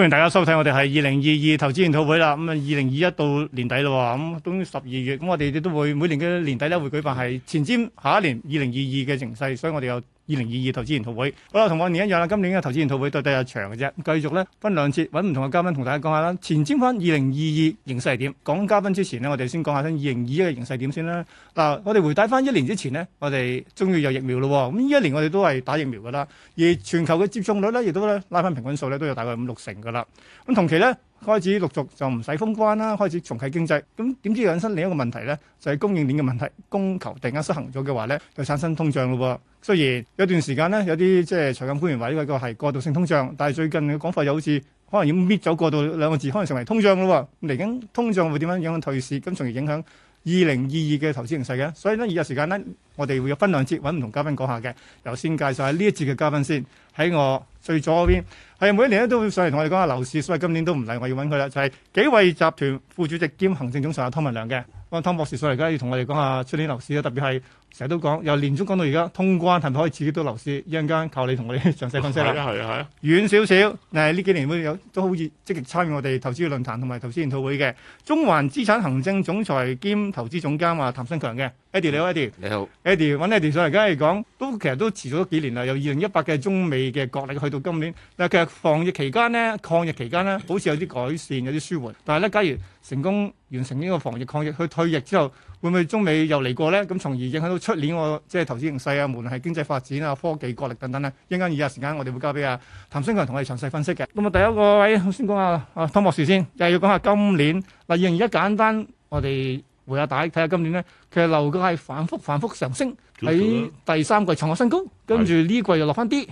歡迎大家收睇我哋係二零二二投資研討會啦，咁啊二零二一到年底咯，咁到十二月，咁我哋都會每年嘅年底咧會舉辦係前瞻下一年二零二二嘅形勢，所以我哋有。二零二二投資研討會好啦，同往年一樣啦。今年嘅投資研討會都係第一場嘅啫，繼續咧分兩節揾唔同嘅嘉賓同大家講下啦。前瞻翻二零二二形勢係點？講嘉賓之前呢，我哋先講下先二零二一嘅形勢點先啦。嗱，我哋回帶翻一年之前呢，我哋終於有疫苗咯。咁呢一年我哋都係打疫苗噶啦，而全球嘅接種率咧，亦都咧拉翻平均數咧，都有大概五六成噶啦。咁同期咧開始陸續就唔使封關啦，開始重啟經濟。咁點知引申另一個問題咧，就係供應鏈嘅問題，供求突然間失衡咗嘅話咧，就產生通脹咯。雖然有段時間咧，有啲即係財金官員話呢個係過渡性通脹，但係最近講法又好似可能要搣走過渡兩個字，可能成為通脹咯。嚟緊通脹會點樣影響退市？咁從而影響二零二二嘅投資形勢嘅。所以呢，而家時間呢，我哋會有分兩節揾唔同嘉賓講下嘅。由先介紹下呢一節嘅嘉賓先，喺我。最左嗰邊係每一年咧都會上嚟同我哋講下樓市，所以今年都唔嚟，我要揾佢啦。就係、是、紀惠集團副主席兼行政總裁阿湯文亮嘅，我湯博士上嚟而家要同我哋講下出年樓市啊，特別係成日都講由年中講到而家通關，係咪可以刺激到樓市？一陣間靠你同我哋詳細分析啦。係啊係啊。遠少少誒，呢幾年都有都好熱，積極參與我哋投資論壇同埋投資研討會嘅中環資產行政總裁兼投資總監阿譚新強嘅 Eddie 你好，Eddie 你好，Eddie 揾好 Eddie, Eddie 上嚟而家嚟講，都其實都遲咗幾年啦，由二零一八嘅中美嘅角力去。到今年，嗱其實防疫期間呢，抗疫期間呢，好似有啲改善、有啲舒緩。但係咧，假如成功完成呢個防疫抗疫，佢退役之後，會唔會中美又嚟過呢？咁從而影響到出年個、哦、即係投資形勢啊，無論係經濟發展啊、科技國力等等呢？一間二日時間，我哋會交俾阿、啊、譚新強同我哋詳細分析嘅。咁啊，第一個位我先講下啊，湯博士先，又係要講下今年嗱，現而家簡單我哋。回下底，睇下今年呢，其實樓價係反覆反覆上升，喺第三季創下新高，跟住呢季又落翻啲，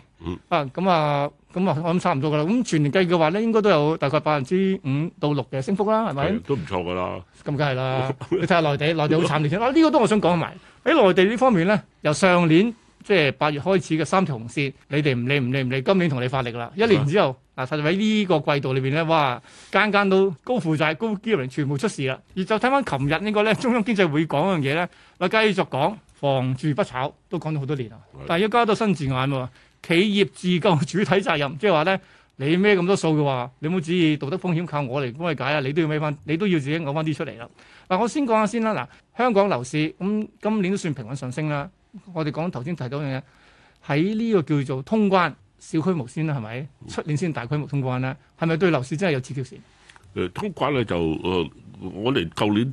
啊咁啊咁啊，我諗差唔多噶啦。咁全年計嘅話咧，應該都有大概百分之五到六嘅升幅啦，係咪？都唔錯噶啦。咁梗係啦，你睇下內地， 內地好慘啲先。 啊，呢個都我想講埋喺內地呢方面咧，由上年，即係八月開始嘅三條紅線，你哋唔理唔理唔理，今年同你發力啦！一年之後，嗱，實在喺呢個季度裏邊咧，哇，間間都高負債、高 gearing，全部出事啦！而就睇翻琴日呢個咧，中央經濟會講嘅嘢咧，我繼續講房住不炒，都講咗好多年啦。但係要加多新字眼喎，企業自救、主體責任，即係話咧，你孭咁多數嘅話，你冇指意道德風險，靠我嚟幫你解啊！你都要孭翻，你都要自己攞翻啲出嚟啦。嗱，我先講下先啦。嗱，香港樓市咁今年都算平穩上升啦。我哋講頭先提到樣嘢，喺呢個叫做通關小規模先啦，係咪？出年先大規模通關啦，係咪對樓市真係有刺激性？誒、呃，通關咧就誒、呃，我哋舊年。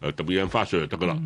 誒特別印花稅就得噶啦，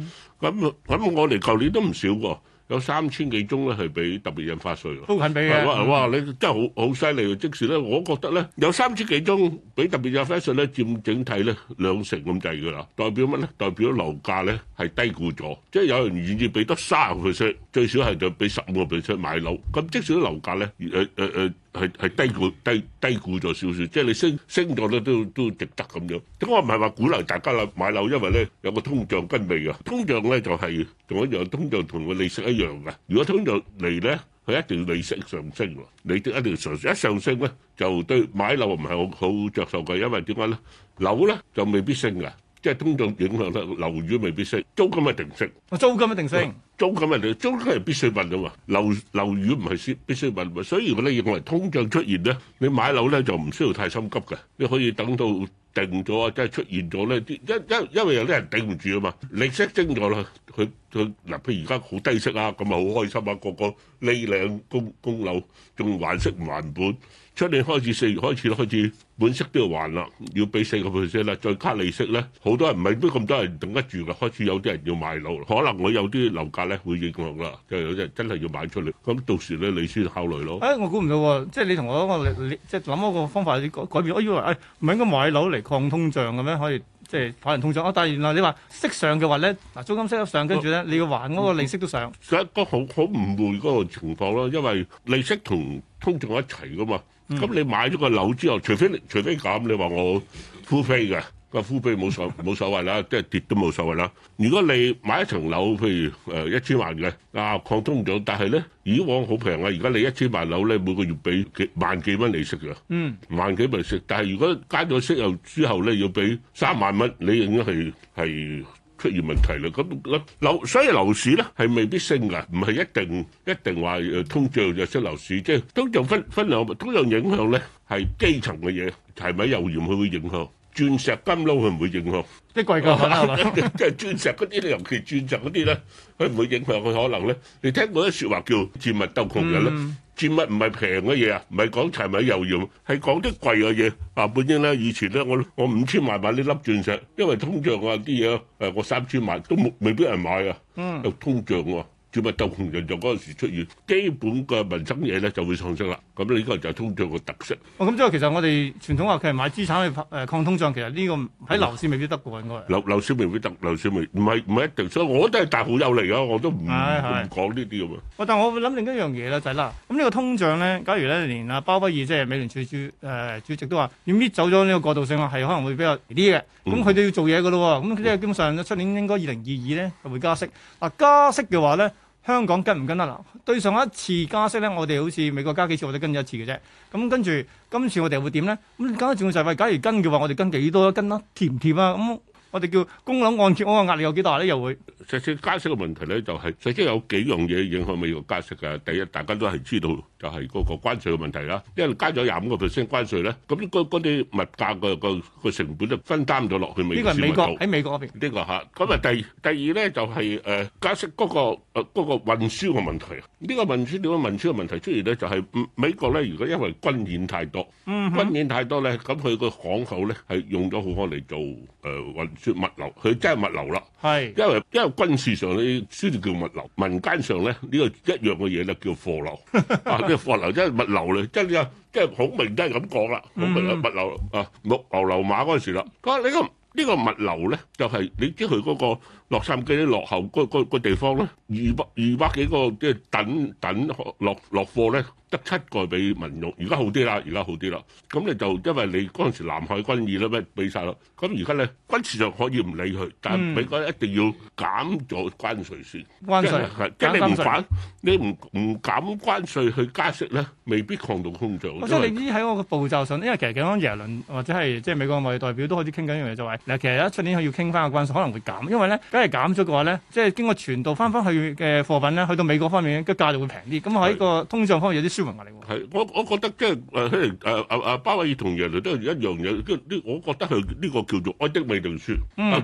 咁咁我哋舊年都唔少喎，有三千幾宗咧係俾特別印花稅，都肯俾啊！哇哇你真係好好犀利，即使咧，我覺得咧有三千幾宗俾特別印花稅咧，佔整體咧兩成咁滯噶啦，代表乜咧？代表樓價咧係低估咗，即係有人願意俾得三十個%最少係就俾十五個%買樓，咁即使樓價咧誒誒誒。係係低估低低估咗少少，即係你升升咗咧都都值得咁樣。咁我唔係話鼓勵大家啦買樓，因為咧有個通脹跟尾㗎。通脹咧就係同一樣通脹同個利息一樣㗎。如果通脹嚟咧，佢一定要利息上升喎。利息一定要上升，一上升咧，就對買樓唔係好好著數嘅，因為點解咧？樓咧就未必升㗎。即係通脹影響得樓宇未必升，租金咪定升。租金咪定升。租金係點？租金係必須揾啊嘛。樓樓宇唔係必須揾。所以如果你認為通脹出現咧，你買樓咧就唔需要太心急嘅，你可以等到定咗啊，即係出現咗咧。因因因為有啲人頂唔住啊嘛，利息升咗啦，佢佢嗱譬如而家好低息啦，啊，咁咪好開心啊，個個呢兩供供，供樓仲還息唔還本。出年開始，四月開始咯，開始本息都要還啦，要俾四個 percent 啦，再加利息咧，好多人唔係都咁多人等得住㗎，開始有啲人要買樓，可能我有啲樓價咧會影響啦，即係有啲人真係要買出嚟，咁到時咧你先考慮咯。誒、哎，我估唔到喎，即係你同我我，我你即係諗一個方法去改改變，我以為誒唔係應該買樓嚟抗通脹嘅咩，可以？即係發人通脹啊、哦！但係原來你話息上嘅話咧，嗱租金息得上，跟住咧你要還嗰個利息都上，一個好好誤會嗰個情況咯。因為利息同通脹一齊噶嘛，咁你買咗個樓之後，除非除非咁，你話我負飛㗎。個庫備冇所冇所謂啦，即係跌都冇所謂啦。如果你買一層樓，譬如誒一千萬嘅啊，抗通唔到。但係咧以往好平啊，而家你一千萬樓咧每個月俾萬幾蚊利息嘅，嗯，萬幾蚊食。但係如果加咗息又之後咧要俾三萬蚊，你應該係係出現問題啦。咁咧所以樓市咧係未必升㗎，唔係一定一定話通脹就升樓市，即係通脹分分兩，通脹影響咧係基層嘅嘢，柴米油鹽佢會影響。鑽石金勞佢唔會影響，即貴價啦，即係鑽石嗰啲，尤其鑽石嗰啲咧，佢唔會影響佢可能咧。你聽過啲説話叫賤物鬥窮人咧？賤物唔係平嘅嘢啊，唔係講柴米油鹽，係講啲貴嘅嘢。啊，本英咧，以前咧，我我五千萬買呢粒鑽石，因為通脹啊啲嘢，誒我三千萬都冇，未必人買噶，又通脹喎。住物就控制就嗰陣時出現，基本嘅民生嘢咧就會上升啦。咁呢個就係通脹嘅特色。哦，咁即係其實我哋傳統話其實買資產去誒抗通脹，其實呢個喺樓市未必得嘅應該、哦。樓樓市未必得，樓市唔係唔係一定。所以我都係大好友嚟嘅，我都唔唔講呢啲咁啊。我但係我諗另一樣嘢咧就係、是、啦，咁呢個通脹咧，假如咧連阿鮑威爾即係美聯儲主誒、呃、主席都話要搣走咗呢個過渡性啊，係可能會比較啲嘅。咁佢哋要做嘢嘅咯喎，咁即係基本上出年應該二零二二咧係會加息。嗱加息嘅話咧。香港跟唔跟得、啊、啦？對上一次加息咧，我哋好似美國加幾次，我都跟咗一次嘅啫。咁跟住，今次我哋會點呢？咁而家仲要就係假如跟嘅話，我哋跟幾多一跟啊？甜唔甜啊？咁、嗯。我哋叫供樓按揭嗰個壓力有幾大咧？又會實際加息嘅問題咧、就是，就係實際有幾樣嘢影響美國加息㗎。第一，大家都係知道就係、是、嗰個關稅嘅問題啦。因為加咗廿五個 percent 關稅咧，咁嗰啲物價個個個成本就分擔咗落去。呢個係美國喺美國嗰邊呢個吓。咁啊。第第二咧就係、是、誒、呃、加息嗰、那個誒嗰、呃那個運輸嘅問題。呢、這個運輸點解、這個、運輸嘅、這個、問題出現咧、就是？就係美國咧，如果因為軍演太多，嗯、哼軍演太多咧，咁佢個港口咧係用咗好多嚟做。誒運輸物流，佢真係物流啦。係，因為因為軍事上咧，先至叫物流；民間上咧，呢個一樣嘅嘢咧叫貨流。啊，呢個貨流真係物流嚟，即係即係孔明真係咁講啦。孔明物流啊，木牛流馬嗰陣時啦。佢話：呢個呢個物流咧，就係你知佢嗰個洛杉磯啲落後嗰嗰嗰地方咧，二百二百幾個即係等等落落貨咧。得七個俾民用，而家好啲啦，而家好啲啦。咁你就因為你嗰陣時南海軍議咧咩俾曬咯，咁而家咧軍事就可以唔理佢，但美國一定要減咗關稅先。關稅係減關稅你唔唔減關稅去加息咧，未必抗到通脹。即係我說 為你依喺我個步驟上，因為其實講耶倫或者係即係美國嘅貿易代表都開始傾緊一樣嘢，就係嗱，其實一出年佢要傾翻個關稅可能會減，因為咧，梗係減咗嘅話咧，即係經過傳導翻翻去嘅貨品咧，去到美國方面嘅價就會平啲。咁喺個通脹方面有啲係，我我覺得即係誒，可能誒鮑威爾同耶倫都係一樣嘢，即係呢，我覺得係、就、呢、是呃呃呃呃、個叫做哀的美敦書，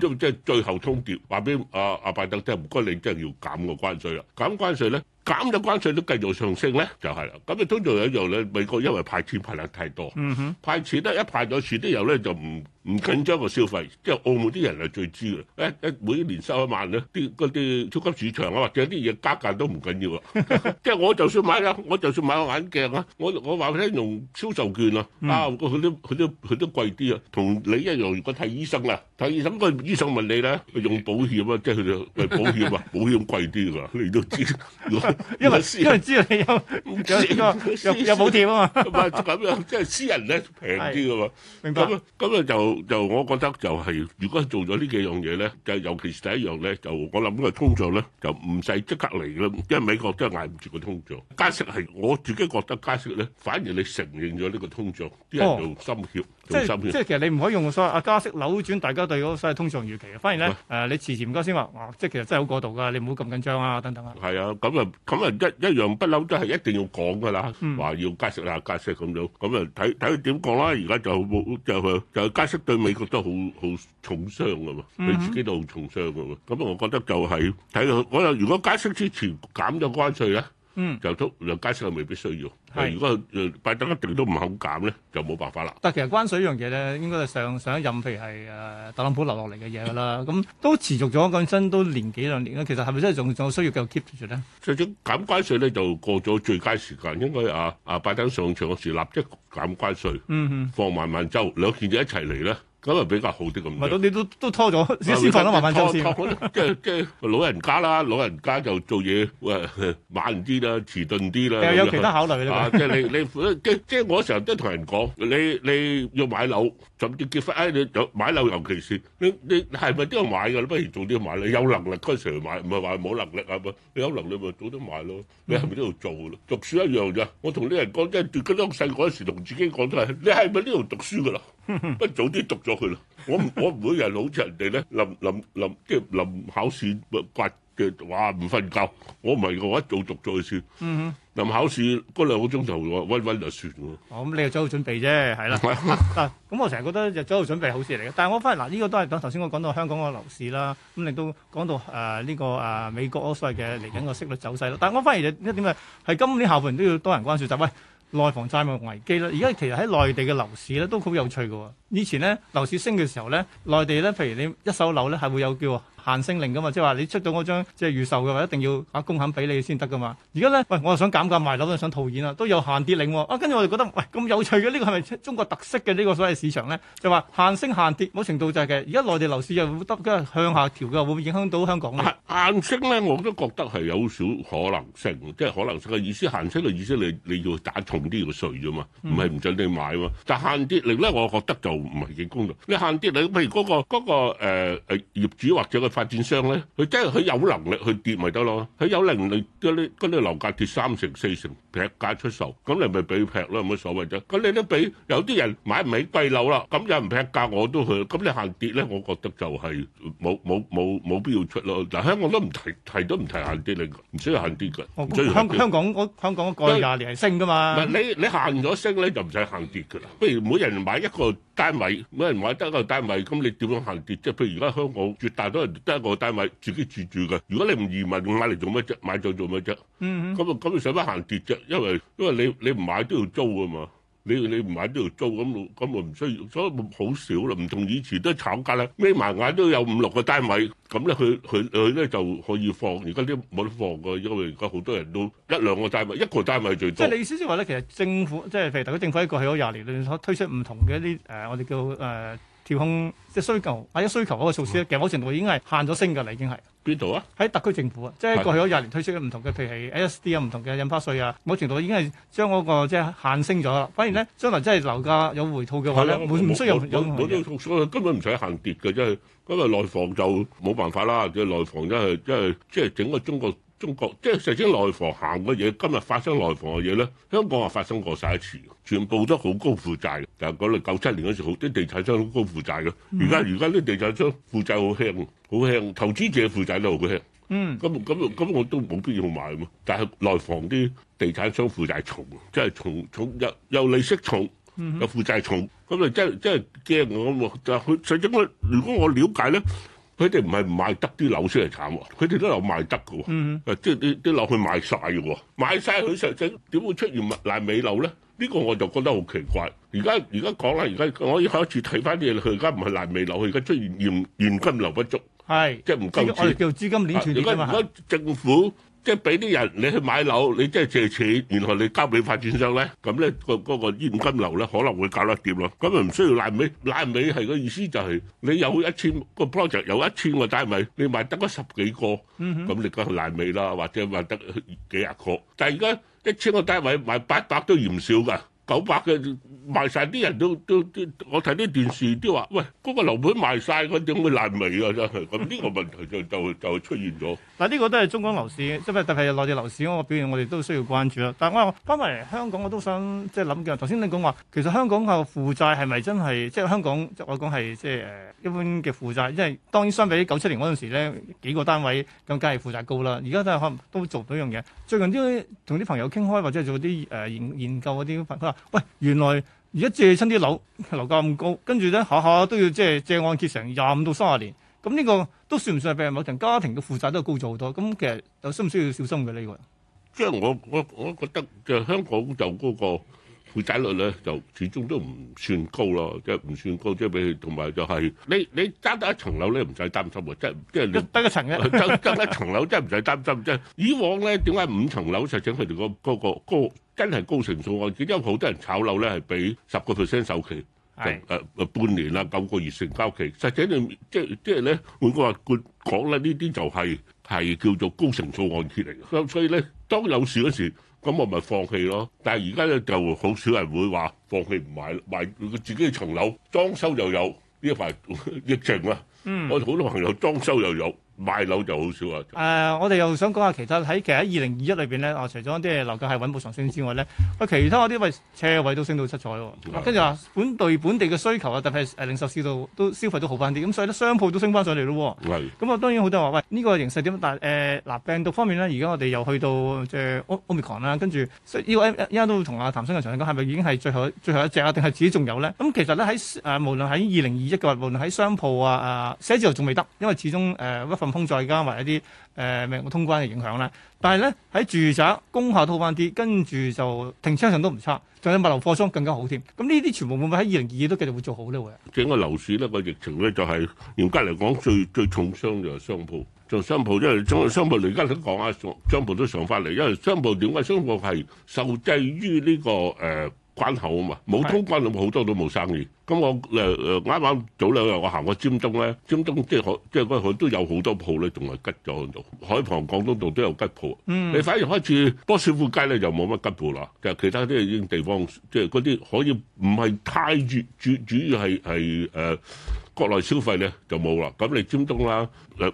即係、嗯、最後通牒，話俾阿阿拜登聽唔該你，真係要減個關稅啦，減關稅咧。減咗關稅都繼續上升咧，就係、是、啦。咁亦通常有一樣咧，美國因為派錢派量太多，派錢咧一派咗錢啲人咧就唔唔緊張個消費。即係澳門啲人係最知嘅，一、哎、一每年收一萬咧，啲嗰啲超級市場啊或者啲嘢加價都唔緊要啊。 即係我就算買啦，我就算買個眼鏡啊，我我話畀你用銷售券啊，啊佢都佢都佢都貴啲啊。同你一樣，如果睇醫生啊，睇醫生個醫生問你咧，用保險啊，即係佢哋保險啊，保險貴啲㗎，你都知。 因為私人因為知道你有有冇貼啊嘛，咁樣，即係 私人咧平啲㗎嘛，明白？咁啊就就我覺得就係、是，如果做咗呢幾樣嘢咧，就尤其是第一樣咧，就我諗個通脹咧就唔使即刻嚟啦，因為美國真係捱唔住個通脹。加息係我自己覺得加息咧，反而你承認咗呢個通脹，啲人就心怯。哦即係即係其實你唔可以用所謂加息扭轉大家對嗰所謂通脹預期嘅，反而咧誒、啊呃，你遲遲唔夠先話，哇，即係其實真係好過度㗎，你唔好咁緊張啊，等等啊。係啊，咁啊，咁啊，一樣一樣不嬲都係一定要講㗎啦，話、嗯、要加息啦，加息咁樣，咁啊睇睇佢點講啦。而家就好好就就，就加息對美國都好好重傷㗎嘛。對、嗯、哼自己都好重傷㗎喎。咁啊，我覺得就係睇佢嗰個，如果加息之前減咗關稅咧。嗯，就都又加稅又未必需要。係如果拜登一定都唔肯減咧，就冇辦法啦。但係其實關稅呢樣嘢咧，應該係上上一任譬如係特朗普留落嚟嘅嘢啦。咁都持續咗咁新都年幾兩年啦。其實係咪真係仲仲需要繼續 keep 住咧？其實減關稅咧就過咗最佳時間。應該啊啊拜登上場嗰時立即減關稅，嗯嗯，放埋萬州兩件事一齊嚟咧。咁啊，比較好啲咁。唔係，你都拖 都拖咗少少份啦，慢慢做先。即係即係老人家啦，老人家就做嘢慢啲啦，遲鈍啲啦。其實有其他考慮啦。啊，即係你你即即係我成日都同人講，你你，你要買樓就要結婚。哎，你，你買樓尤其是你你係咪都要買㗎？你不如早啲買。你有能力嗰陣時買，唔係話冇能力啊嘛。你有能力咪早啲買咯。你係咪呢度做？嗯、讀書一樣咋。我同啲人講，即係讀嗰啲細個嗰陣時，同自己講都係，你係咪呢度讀書㗎啦？不早啲讀咗佢啦！我唔我唔會人好似人哋咧臨臨臨即係臨考試骨嘅話唔瞓覺，我唔係嘅話，我一早讀咗佢先。嗯嗯，臨考試嗰兩個鐘頭我温温就算喎。哦，咁你又做好準備啫，係啦。係啊，嗱，咁我成日覺得又做好準備係好事嚟嘅。但係我反而嗱，呢個都係講頭先我講到香港個樓市啦，咁亦都講到誒呢個誒美國嗰所謂嘅嚟緊個息率走勢啦。但係我反而就一點就係係今年下半年都要多人關注，就喂。內房債務危機啦，而家其實喺內地嘅樓市咧都好有趣㗎。以前咧樓市升嘅時候咧，內地咧，譬如你一手樓咧係會有叫。限升令噶嘛，即係話你出到嗰張即係預售嘅話，一定要打公行俾你先得噶嘛。而家咧，喂，我又想減價賣樓，想套現啊，都有限跌令。啊，啊，跟住我哋覺得，喂，咁有趣嘅、啊、呢個係咪中國特色嘅呢個所謂市場咧？就話限升限跌，某程度就係嘅。而家內地樓市又會得嘅向下調嘅，會唔會影響到香港啊？限升咧，我都覺得係有少少可能性，即係可能性嘅意思。限升嘅意思，你你要打重啲嘅稅啫嘛，唔係唔准你買啊、嗯、但限跌令咧，我覺得就唔係幾公道。你限跌令，譬如嗰個嗰個誒、呃、業主或者嘅。發展商咧，佢真係佢有能力去跌咪得咯，佢有能力嗰啲嗰啲樓價跌三成四成，劈價出售，咁你咪俾劈咯，冇乜所謂啫。咁你都俾，有啲人買唔起貴樓啦，咁又唔劈價，我都去。咁你限跌咧，我覺得就係冇冇冇冇必要出咯。嗱，香港都唔提提都唔提限跌嚟嘅，唔需要限跌嘅。香香港我香港過去廿年係升㗎嘛。唔係你你限咗升咧，就唔使限跌嘅。不如每人買一個單位，每人買得一個單位，咁你點樣限跌？即係譬如而家香港絕大多人。得一個單位自己住住嘅，如果你唔移民買嚟做乜啫？買就做乜啫？咁啊，咁，你使乜行跌啫？因為因為你你唔買都要租㗎嘛，你你唔買都要租，咁咁就唔需要，所以好少啦。唔同以前都係炒價啦，咩埋眼都有五六個單位，咁咧佢佢佢咧就可以放。而家都冇得放噶，因為而家好多人都一兩個單位，一個單位最多。即係你意思即係話咧，其實政府即係譬如，如果政府一個喺咗廿年，佢可推出唔同嘅一啲誒、呃，我哋叫誒。呃調控即係需求，或者需求嗰個措施咧，嗯、其實某程度已經係限咗升㗎啦，已經係。邊度啊？喺特區政府啊，是即係過去咗廿年推出嘅唔同嘅，譬如係 SD 啊、唔同嘅印花稅啊，某程度已經係將嗰、嗰個即係限升咗啦。反而咧，嗯、將來真係樓價有回吐嘅話，係啦，唔需要有回吐。根本唔使限跌嘅，即係因為內房就冇辦法啦，即係內房真係真係即係整個中國。中國即係實際內房行嘅嘢，今日發生內房嘅嘢咧，香港啊發生過晒一次，全部都好高負債。但係嗰陣九七年嗰時，好多地產商好高負債嘅。而家而家啲地產商負債好輕，好輕，投資者負債都好輕。嗯、mm，咁咁咁我都冇必要買嘛。但係內房啲地產商負債重，即係重重又又利息重，mm hmm. 又負債重。咁啊真真係驚我啊！佢實際咧，如果我了解咧。佢哋唔係唔賣得啲樓先係慘喎，佢哋都有賣得㗎喎，mm hmm. 即係啲啲樓佢賣晒㗎喎，賣晒佢實整，點會出現爛尾樓咧？呢個我就覺得好奇怪。而家而家講啦，而家我依家一次睇返啲嘢，佢而家唔係爛尾樓，佢而家出現現現金流不足，係即係唔夠錢。我哋叫資金鏈斷，而家政府。即係俾啲人你去買樓，你即係借錢，然後你交俾發展商咧，咁咧個嗰個現金流咧可能會搞得掂咯。咁咪唔需要爛尾，爛尾係個意思就係你有一千個，project 有一千個單位，你賣得嗰十幾個，咁你梗係爛尾啦，或者賣得幾廿個。但係而家一千個單位賣八百都嫌少㗎。九百嘅賣晒啲人都都，我睇啲電視都話：喂，嗰個樓盤賣曬，佢點會爛尾啊？真係咁呢個問題就就就出現咗。嗱，呢個都係中港樓市，即係特別係內地樓市嗰個表現，我哋都需要關注啦。但係我翻埋嚟香港，我都想即係諗嘅。頭先你講話，其實香港嘅負債係咪真係即係香港我講係即係誒一般嘅負債？因為當然相比九七年嗰陣時咧，幾個單位更加係負債高啦。而家都係可能都做唔到一樣嘢。最近啲同啲朋友傾開或者做啲誒研究嗰啲，喂，原來而家借親啲樓樓價咁高，跟住咧下下都要即係借按揭成廿五到三十年，咁呢個都算唔算係俾某層家庭嘅負債都高咗好多？咁其實有需唔需要小心嘅呢個？即係我我我覺得就香港就高過。負仔率咧就始終都唔算高咯，即係唔算高。即係俾佢同埋就係你你爭得一層樓咧，唔使擔心喎，即係即係你得一層啊，爭 一層樓真係唔使擔心。即係以往咧，點解五層樓實際佢哋嗰嗰個高、那個那個那個、真係高成數按揭，因為好多人炒樓咧係俾十個 percent 首期，誒誒是、呃、半年啊九個月成交期，實際你即係即係咧換句話講咧，呢啲就係、是、係叫做高成數按揭嚟。所所以咧，當有事嗰時。咁我咪放棄咯，但係而家咧就好少人會話放棄唔買買自己層樓，裝修又有呢一排疫情啊，我哋好多朋友裝修又有。買樓就好少啊！誒格、呃，我哋又想講下其他喺其實喺二零二一裏邊咧，啊，除咗啲樓價係穩步上升之外咧，啊，其他嗰啲位車位都升到七彩喎。跟住話本地本地嘅需求啊，特別係零售市道都消費都好翻啲、嗯，咁所以咧，商鋪都升翻上嚟咯。咁啊，當然好多人話喂，呢個形勢點？World，但誒嗱，病毒方面咧，而家我哋又去到即係奧奧密克隆啦。跟住呢位依家都同阿譚生嘅譚新強講，係咪已經係最後最後一隻啊？定係自己仲有咧？咁其實咧喺誒無論喺二零二一嘅話，無論喺商鋪啊啊寫字樓仲未得，因為始終誒。通再加埋一啲誒咩通關嘅影響啦，但係咧喺住宅工廈套好翻啲，跟住就停車場都唔差，仲有物流貨倉更加好添。咁呢啲全部會唔會喺二零二二都繼續會做好呢？會整個樓市呢個疫情咧就係嚴格嚟講最最重傷就係商鋪，就商鋪因為商鋪而家都講下商鋪都上翻嚟，因為商鋪點解？商鋪係受制於呢個誒。呃關口啊嘛，冇通關，好多都冇生意。咁我誒誒啱啱早兩日我行過尖東咧，尖東即係可即係嗰度都有好多鋪咧，仲係吉咗度。海傍廣東道都，都有吉鋪，你、嗯、反而開始多少富街咧就冇乜吉鋪啦。其實其他啲已經地方即係嗰啲可以唔係太主主主要係係誒。國內消費咧就冇啦，咁你尖東啦，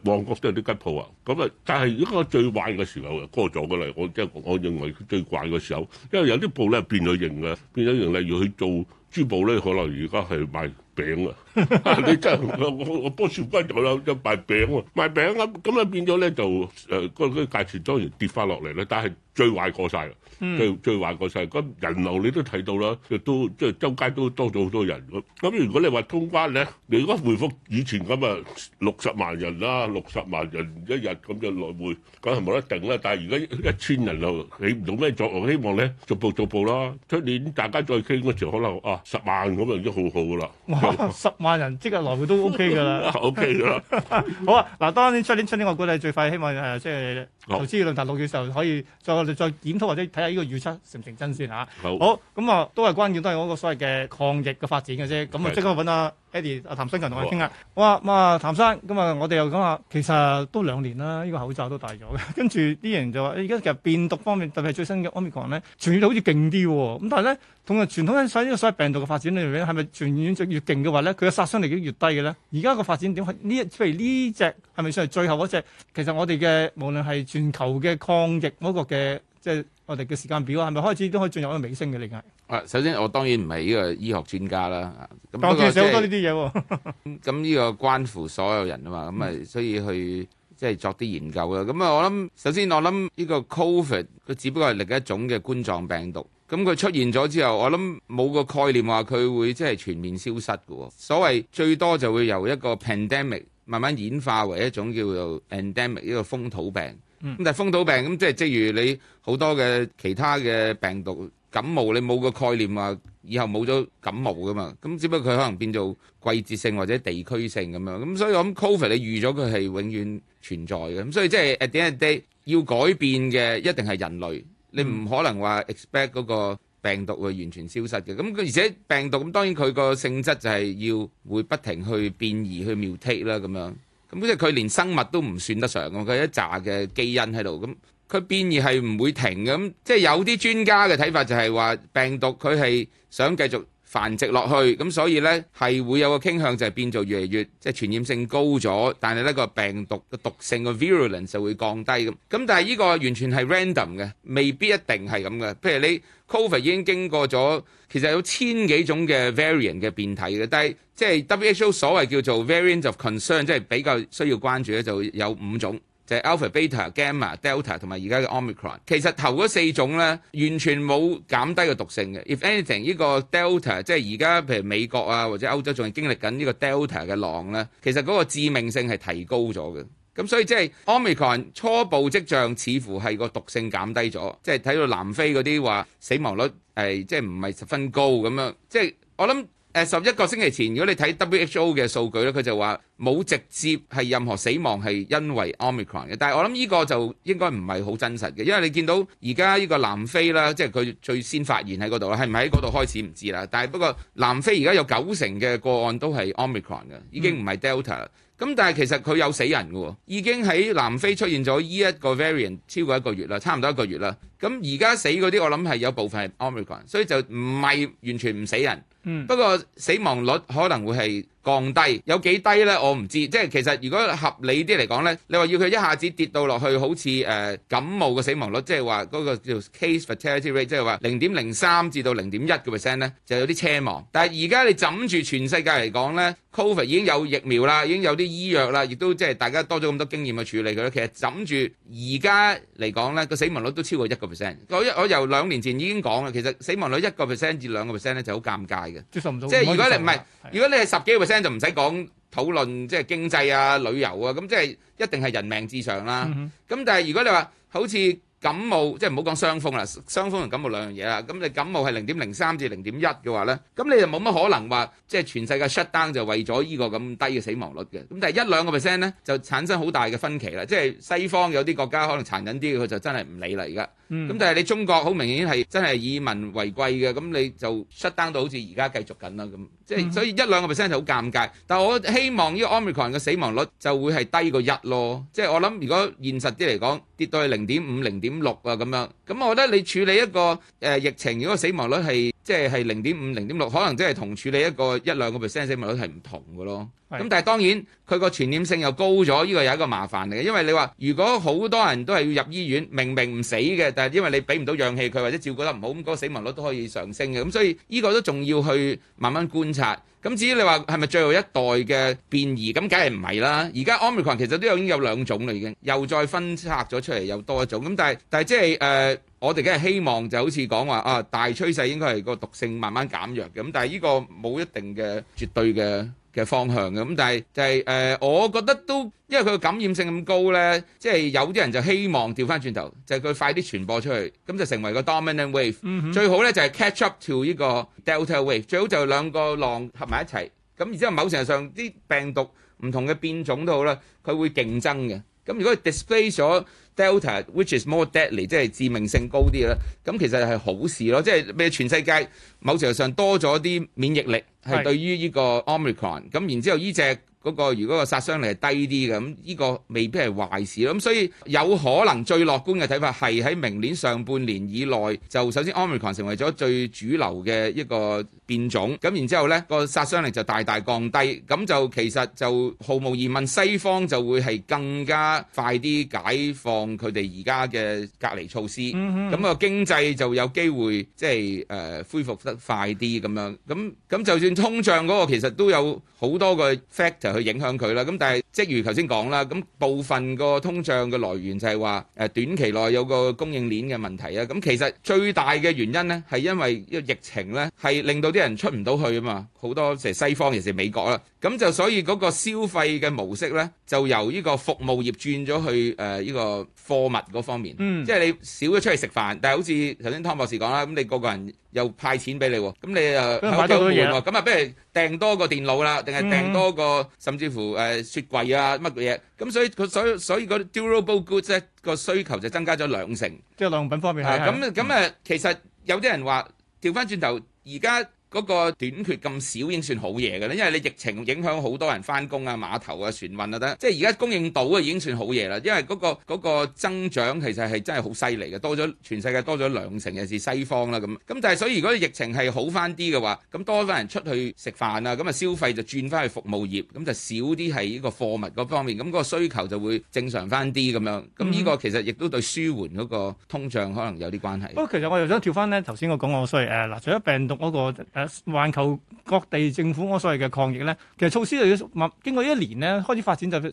旺角都有啲吉鋪啊，咁啊，但係果個最壞嘅時候又過咗過嚟，我即係我認為最壞嘅時候，因為有啲鋪咧變咗型嘅，變咗型，變咗型，例如要去做珠寶咧，可能而家係賣。餅啊！ 你真係我我波少君又有有賣餅喎、啊，賣餅咁咁啊變咗咧就誒嗰嗰個價錢當然跌翻落嚟啦，但係最壞過晒啦、嗯，最最壞過晒。咁人流你都睇到啦，亦都即係周街都多咗好多人咁。如果你話通關咧，你如果回覆以前咁啊六十萬人啦，六十萬人一日咁就來回，梗係冇得頂啦。但係而家一千人就起唔到咩作用，希望咧逐步逐步啦。出年大家再傾嗰時候，可能啊十萬咁樣都好好噶啦。 十萬人即刻來回都 OK 㗎啦，OK 㗎啦。 好啊，嗱，當年出年出年，我估係最快，希望誒、呃、即係投資論壇六月時候可以再再檢討或者睇下呢個預測成唔成真先吓，啊、好，咁啊，都係關鍵，都係我個所謂嘅抗疫嘅發展嘅啫。咁啊，即刻揾啊。Eddie，阿譚生強同我傾下！好啊，咁啊，嘛譚生咁啊，我哋又講下其實都兩年啦。呢個口罩都戴咗嘅，跟住啲人就話：，而家其實變毒方面特別係最新嘅 Omicron，咧，傳染度好似勁啲喎。咁但係咧，同埋傳統嘅所所謂病毒嘅發展裏面，係咪傳染越勁嘅話咧，佢嘅殺傷力越低嘅咧？而家個發展點係呢？譬如呢隻係咪算係最後一隻？其實我哋嘅無論係全球嘅抗疫嗰個嘅即係。就是我哋嘅時間表啊，係咪開始都可以進入一個尾聲嘅理解？啊，首先我當然唔係呢個醫學專家啦。但、不過就係、寫好多呢啲嘢喎。咁呢個關乎所有人啊嘛，咁啊，所以去即係作啲研究喇。咁啊，我諗首先我諗呢個 Covid 佢只不過係另一種嘅冠狀病毒。咁佢出現咗之後，我諗冇個概念話佢會即係全面消失嘅。所謂最多就會由一個 pandemic 慢慢演化為一種叫做 endemic 呢個風土病。咁但係風土病咁，即係即如你好多嘅其他嘅病毒感冒，你冇個概念話以後冇咗感冒噶嘛？咁只不過佢可能變做季節性或者地區性咁樣。咁所以我諗 Covid 你預咗佢係永遠存在嘅。咁所以即係 at the end of the day 要改變嘅一定係人類，你唔可能話 expect 嗰個病毒會完全消失嘅。咁而且病毒咁當然佢個性質就係要會不停去變異去 mutate 啦咁樣。好似佢連生物都唔算得上，佢有一紮嘅基因喺度，咁佢變異係唔會停，咁即係有啲專家嘅睇法就係話病毒佢係想繼續繁殖落去，咁所以呢，係會有個傾向就係變做越嚟越即係傳染性高咗，但係呢個病毒嘅毒性嘅 virulence 就會降低咁。咁但係呢個完全係 random 嘅，未必一定係咁嘅。譬如你 Covid 已經經過咗，其實有千幾種嘅 variant 嘅變體嘅，但係即係 WHO 所謂叫做 variant of concern，即係比較需要關注咧，就有五種。就係 alpha、beta、gamma、delta 同埋而家嘅 omicron，其實頭嗰四種咧完全冇減低個毒性嘅。If anything，呢個 delta 即係而家譬如美國啊或者歐洲仲係經歷緊呢個 delta 嘅浪咧，其實嗰個致命性係提高咗嘅。咁所以即係 omicron 初步跡象似乎係個毒性減低咗，即係睇到南非嗰啲話死亡率係即係唔係十分高咁樣，即係我諗。十一個星期前，如果你睇 WHO 嘅數據咧，佢就話冇直接係任何死亡係因為 Omicron 嘅。但係我諗呢個就應該唔係好真實嘅，因為你見到而家呢個南非啦，即係佢最先發現喺嗰度啦，係唔係喺嗰度開始唔知啦。但係不過南非而家有九成嘅個案都係 Omicron 嘅，已經唔係 Delta 啦。咁但係其實佢有死人嘅喎，已經喺南非出現咗呢一個 variant 超過一個月啦，差唔多一個月啦。咁而家死嗰啲，我諗係有部分係 Omicron，所以就唔係完全唔死人。嗯、不過死亡率可能會係降低，有幾低咧？我唔知。即係其實如果合理啲嚟講咧，你話要佢一下子跌到落去，好似誒、呃、感冒嘅死亡率，即係話嗰個叫 case fatality rate，即係話零點零三至到零點一個 percent 咧，就有啲奢望。但係而家你枕住全世界嚟講咧，Covid 已經有疫苗啦，已經有啲醫藥啦，亦都即係大家多咗咁多經驗去處理佢。其實枕住而家嚟講咧，個死亡率都超過一個 percent。我我由兩年前已經講啦，其實死亡率一個 percent 至兩個 percent 咧就好、是、尷尬嘅，接受唔到。即係如果你唔係，不如果你係十幾個 percent 就唔使講討論，即係經濟啊、旅遊啊，咁即係一定係人命至上啦、啊。咁、嗯、哼但係如果你話好似，感冒即係唔好講傷風啦，傷風同感冒兩樣嘢啦。咁你感冒係零點零三至零點一嘅話咧，咁你就冇乜可能話即係全世界 shut down 就為咗呢個咁低嘅死亡率嘅。咁但係一兩個 percent 咧就產生好大嘅分歧啦。即係西方有啲國家可能殘忍啲嘅，佢就真係唔理啦。而家咁但係你中國好明顯係真係以民為貴嘅，咁你就 shut down 到好似而家繼續緊啦咁。嗯、所以一兩個 percent 就好尷尬，但我希望呢個 Omicron 嘅死亡率就會係低過一咯，即、就是、我諗如果現實啲嚟講，跌到係零點五、零點六啊咁樣。咁、嗯、我覺得你處理一個誒、呃、疫情，如果死亡率係即係係零點五、零點六，可能即係同處理一個一兩個 percent 死亡率係唔同嘅咯。咁是的 但係當然佢個傳染性又高咗，呢個又係一個麻煩嚟嘅。因為你話如果好多人都係要入醫院，明明唔死嘅，但係因為你俾唔到氧氣佢或者照顧得唔好，咁、那個死亡率都可以上升嘅。咁、嗯、所以呢個都仲要去慢慢觀察。咁至於你話係咪最後一代嘅變異，咁梗係唔係啦？而家 Omicron 其實都有已經有兩種啦，已經又再分拆咗出嚟又多一種。咁但係但係即係誒、呃，我哋梗係希望就好似講話啊，大趨勢應該係個毒性慢慢減弱嘅。咁但係呢個冇一定嘅絕對嘅。嘅方向嘅咁，但係就係誒，呃，我覺得都因為佢嘅感染性咁高咧，即係有啲人就希望調翻轉頭，就係佢快啲傳播出去，咁就成為個 dominant wave，嗯、哼最好咧就係 catch up to 呢個 delta wave，最好就兩個浪合埋一齊，咁然之後某程度上啲病毒唔同嘅變種都好啦，佢會競爭嘅。咁如果係 display 咗 Delta，which is more deadly，即係致命性高啲嘅咧，咁其實係好事咯，即係咩全世界某程度上多咗啲免疫力係對於呢個 Omicron，咁是然之後呢隻。嗰個如果個殺傷力係低啲嘅，咁呢個未必係壞事咯。咁所以有可能最樂觀嘅睇法係喺明年上半年以內，就首先 omicron 成為咗最主流嘅一個變種，咁然之後咧個殺傷力就大大降低，咁就其實就毫無疑問西方就會係更加快啲解放佢哋而家嘅隔離措施，咁個經濟就有機會即係誒恢復得快啲咁樣，咁咁就算通脹個其實都有好多個 factor。去影響佢啦，咁但係即如頭先講啦，咁部分個通脹嘅來源就係話誒短期內有個供應鏈嘅問題啊，咁其實最大嘅原因咧係因為呢個疫情咧，係令到啲人出唔到去啊嘛，好多即係西方尤其是美國啦，咁就所以嗰個消費嘅模式咧就由依個服務業轉咗去誒依個。貨物嗰方面，嗯、即係你少咗出去食飯，但係好似頭先湯博士講啦，咁你個個人又派錢俾你，咁你又口都悶喎，咁啊不如訂多個電腦啦，定係訂多個，嗯、甚至乎誒雪櫃啊乜嘢，咁所以佢所以所以，所以 durable goods 咧個需求就增加咗兩成，即係耐用品方面。咁咁啊，其實有啲人話調翻轉頭，而家。嗰個短缺咁少已經算好嘢嘅咧，因為你疫情影響好多人翻工啊、碼頭啊、船運啊得，即係而家供應到啊已經算好嘢啦。因為嗰個嗰個增長其實係真係好犀利嘅，多咗全世界多咗兩成，尤其是西方啦咁。咁但係所以如果疫情係好翻啲嘅話，咁多翻人出去食飯啊，咁啊消費就轉翻去服務業，咁就少啲係呢個貨物嗰方面，咁嗰個需求就會正常翻啲咁樣。咁呢個其實亦都對舒緩嗰個通脹可能有啲關係、嗯。不過其實我又想跳翻呢，頭先我講我所以嗱、呃，除咗病毒嗰、嗰個、呃環球各地政府我所謂嘅抗疫咧，其實措施就要經過一年咧，開始發展就出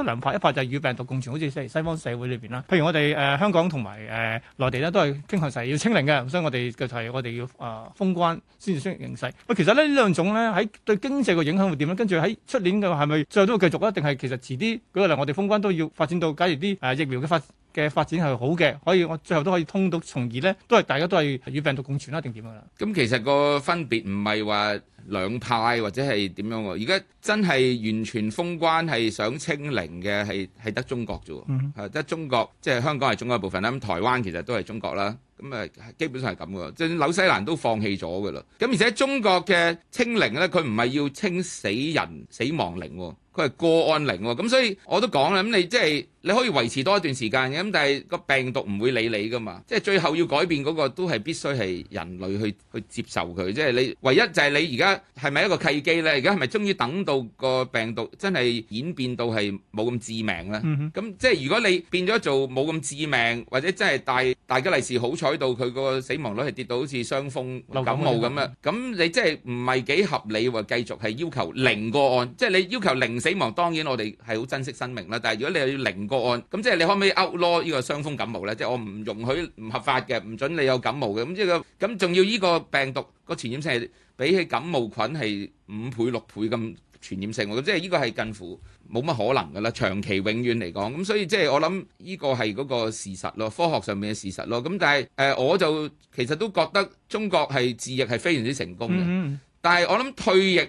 咗兩派，一派就與病毒共存，好似西西方社會裏邊啦。譬如我哋誒、呃、香港同埋誒內地咧，都係傾向勢要清零嘅，所以我哋就係、是、我哋要誒、呃、封關先至適應形勢。喂，其實咧呢兩種咧喺對經濟嘅影響會點咧？跟住喺出年嘅係咪最後都會繼續啊？定係其實遲啲舉例，我哋封關都要發展到，假如啲誒疫苗嘅發嘅發展係好嘅，可以我最後都可以通到，從而咧都係大家都係與病毒共存啦，定點樣啦？咁其實個分別唔係話兩派或者係點樣喎？而家真係完全封關係想清零嘅係係得中國啫喎，係得中國即係香港係中國一部分啦。咁台灣其實都係中國啦。咁啊基本上係咁嘅喎，即係紐西蘭都放棄咗㗎啦。咁而且中國嘅清零咧，佢唔係要清死人死亡零，佢係個案零。咁所以我都講啦，咁你即係。你可以維持多一段時間嘅，咁但係個病毒唔會理你噶嘛，即係最後要改變嗰、嗰個都係必須係人類去去接受佢，即係你唯一就係你而家係咪一個契機咧？而家係咪終於等到個病毒真係演變到係冇咁致命咧？咁、嗯嗯、即係如果你變咗做冇咁致命，或者真係大大吉利是好彩到佢個死亡率係跌到好似傷風感冒咁樣。咁你即係唔係幾合理話繼續係要求零個案？即係你要求零死亡，當然我哋係好珍惜生命啦。但係如果你要零個案咁即係你可唔可以 outlaw 呢個傷風感冒咧？即係我唔容許唔合法嘅，唔准你有感冒嘅。咁即係個咁，仲要呢個病毒個傳染性係比起感冒菌係五倍六倍咁傳染性。咁即係呢個係近乎冇乜可能㗎啦。長期永遠嚟講，咁所以即係我諗呢個係嗰個事實咯，科學上面嘅事實咯。咁但係誒、呃，我就其實都覺得中國係治疫係非常之成功嘅。但係我諗退疫，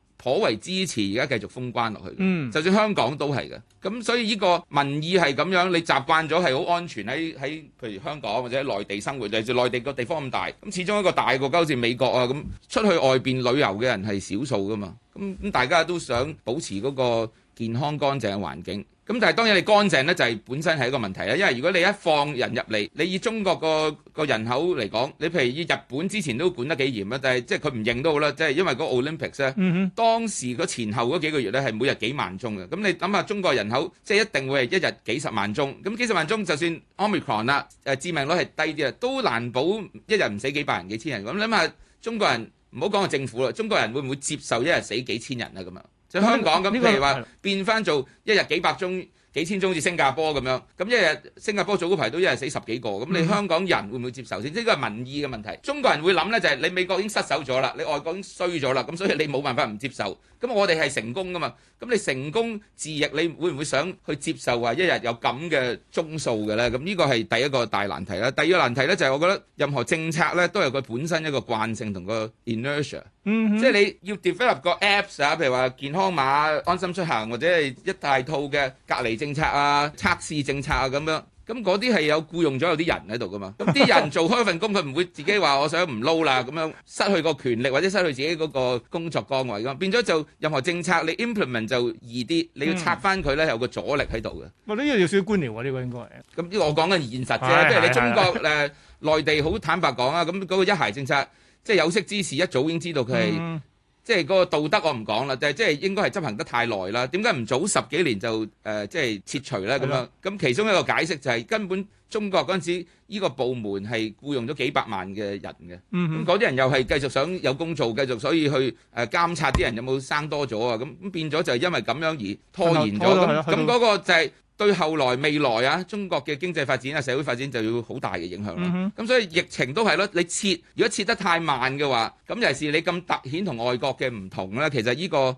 頗為支持而家繼續封關落去，嗯、就算香港都係嘅。咁所以呢個民意係咁樣，你習慣咗係好安全喺喺譬如香港或者喺內地生活，就係內地個地方咁大，咁始終一個大國家好似美國啊咁，出去外邊旅遊嘅人係少數噶嘛，咁咁大家都想保持嗰個健康乾淨嘅環境。咁但係當然你乾淨咧，就係、是、本身係一個問題啦。因為如果你一放人入嚟，你以中國個個人口嚟講，你譬如以日本之前都管得幾嚴啦，但係即係佢唔認都好啦。即、就、係、是、因為個 Olympics 咧、嗯哼，當時個前後嗰幾個月咧係每日幾萬宗嘅。咁你諗下中國人口，即、就、係、是、一定會係一日幾十萬宗。咁幾十萬宗就算 Omicron 啦、啊，誒致命率係低啲啊，都難保一日唔死幾百人、幾千人。咁你諗下中國人，唔好講個政府啦，中國人會唔會接受一日死幾千人啊？咁啊？即係香港咁，那這個、譬如話的變返做一日幾百宗、幾千宗，似新加坡咁樣。咁一日新加坡早嗰排都一日死十幾個，咁你香港人會唔會接受先？呢個係民意嘅問題。中國人會諗咧，就係、是、你美國已經失守咗啦，你外國已經衰咗啦，咁所以你冇辦法唔接受。咁我哋係成功㗎嘛？咁你成功自疫，你會唔會想去接受話一日有咁嘅宗數嘅咧？咁呢個係第一個大難題啦。第二個難題咧，就係我覺得任何政策咧，都有佢本身一個慣性同個 inertia。嗯哼，即係你要 develop 個 apps 啊，譬如話健康碼、安心出行或者係一大套嘅隔離政策啊、測試政策啊咁樣。咁嗰啲係有僱用咗有啲人喺度噶嘛，咁啲人做開份工，佢唔 會自己話我想唔撈啦，咁樣失去個權力或者失去自己嗰個工作崗位咯，變咗就任何政策你 implement 就易啲，嗯、你要拆翻佢咧，有個阻力喺度嘅。呢個有少少官僚喎，呢個應該、啊。咁、這、呢、個、個我講緊現實啫。即係的你中國誒、呃、的內地好坦白講啊，咁、那、嗰個一孩政策即係、就是、有識之士一早已經知道佢係。嗯即係嗰個道德我唔講啦，就係即係應該係執行得太耐啦。點解唔早十幾年就誒、呃、即係撤除咧咁樣？咁其中一個解釋就係、是、根本中國嗰陣時呢個部門係僱用咗幾百萬嘅人嘅，咁嗰啲人又係繼續想有工做，繼續所以去誒監察啲人有冇生多咗啊？咁咁變咗就係因為咁樣而拖延咗。咁咁嗰個就係、是。對後來未來啊，中國嘅經濟發展啊，社會發展就要好大嘅影響咯。咁、嗯、哼所以疫情都係咯，你切如果切得太慢嘅話，咁尤其是你咁突顯同外國嘅唔同咧，其實呢、這個誒、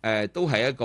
呃、都係一個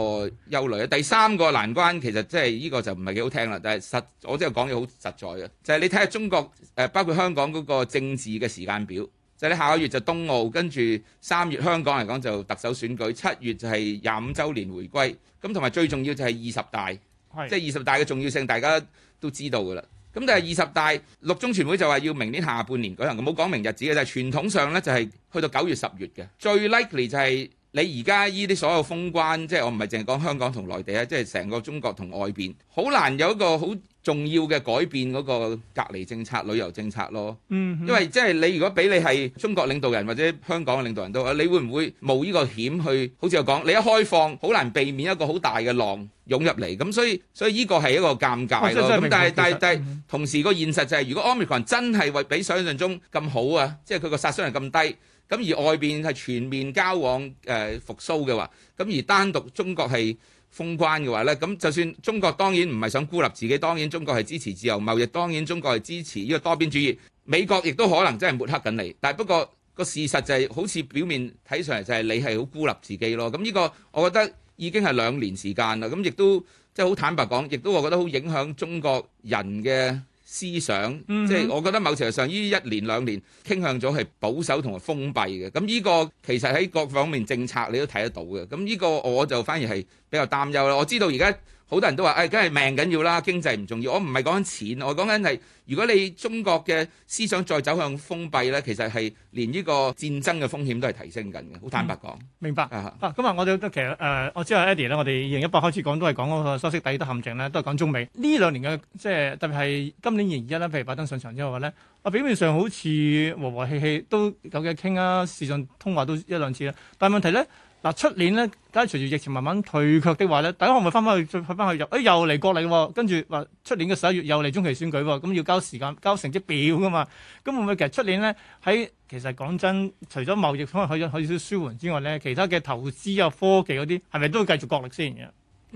憂慮。第三個難關其實即係呢個就唔係幾好聽啦，但係實我真係講嘢好實在嘅，就係、是、你睇下中國誒、呃、包括香港嗰個政治嘅時間表，就係、是、你下個月就冬奧，跟住三月香港嚟講就特首選舉，七月就係廿五週年回歸，咁同埋最重要就係二十大。即係二十大嘅重要性，大家都知道㗎啦。咁但係二十大六中全會就話要明年下半年舉行，冇講明日子嘅。就係傳統上呢，就係去到九月十月嘅。最 likely 就係你而家呢啲所有封關，即係我唔係淨係講香港同內地啊，即係成個中國同外邊，好難有一個好。重要嘅改變嗰個隔離政策、旅遊政策咯，mm hmm. 因為即係你如果俾你係中國領導人或者香港嘅領導人都話，你會唔會冒呢個險去？好似我講，你一開放，好難避免一個好大嘅浪湧入嚟。咁所以所以呢個係一個尷尬咯。咁、哦、但係是實但係但係，嗯、同時個現實就係、是，如果奧密克戎真係會比想像中咁好啊，即係佢個殺傷力咁低，咁而外邊係全面交往誒、呃、復甦嘅話，咁而單獨中國係封關嘅話咧，咁就算中國當然唔係想孤立自己，當然中國係支持自由貿易，當然中國係支持呢個多邊主義。美國亦都可能真係抹黑緊你，但係不過個事實就係好似表面睇上嚟就係你係好孤立自己咯。咁呢個我覺得已經係兩年時間啦。咁亦都即係好坦白講，亦都我覺得好影響中國人嘅。思想，即係我覺得某程度上呢一年兩年傾向咗係保守同埋封閉嘅，咁呢個其實喺各方面政策你都睇得到嘅，咁呢個我就反而係比較擔憂啦。我知道而家。好多人都話，誒、哎，梗係命緊要啦，經濟唔重要。我唔係講緊錢，我講緊係，如果你中國嘅思想再走向封閉咧，其實係連呢個戰爭嘅風險都係提升緊嘅。好坦白講、嗯。明白。啊，咁啊，我哋都其實誒、呃，我知阿 Eddie 咧，我哋二零一八開始講都係講嗰個修昔底德陷阱咧，都講中美呢兩年嘅，即係特別係今年二月一咧，譬如拜登上場之後咧，啊表面上好似和和氣氣，都有嘅傾啊，視像通話都一，都一兩次啦，但係問題咧。嗱，出年咧，大家隨住疫情慢慢退卻的話咧，大家可唔可以咪翻翻去再翻去又，哎又嚟國力喎、哦。跟住話出年嘅十一月又嚟中期選舉喎、哦，咁要交時間，交成績表噶嘛。咁會唔會其實出年咧，喺其實講真，除咗貿易方面可以可以少舒緩之外咧，其他嘅投資啊、科技嗰啲係咪都會繼續國力先嘅？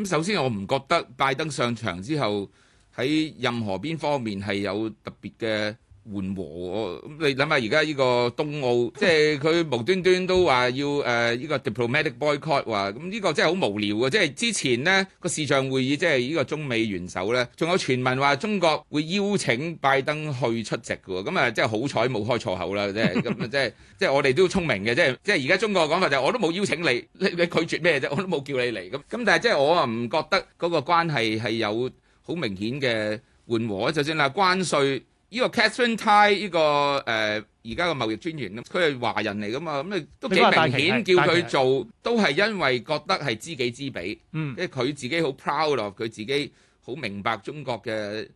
咁首先我唔覺得拜登上場之後喺任何邊方面係有特別嘅緩和咁，你諗下，而家呢個冬奧，即係佢無端端都話要誒呢個 diplomatic boycott，話咁呢個真係好無聊啊！即係之前呢個視像會議，即係呢個中美元首咧，仲有傳聞話中國會邀請拜登去出席嘅喎，咁啊即係好彩冇開錯口啦！即係咁啊，即係即係我哋都聰明嘅，即係即係而家中國嘅講法就係我都冇邀請你，你你拒絕咩啫？我都冇叫你嚟咁咁，但係即係我啊唔覺得嗰個關係係有好明顯嘅緩和就先啦，關稅。呢個 Catherine Tai 呢個誒而家個貿易專員咁，佢係華人嚟噶嘛，咁你都幾明顯叫佢做，都係因為覺得係知己知彼。即係佢自己好 proud 咯，佢自己好明白中國嘅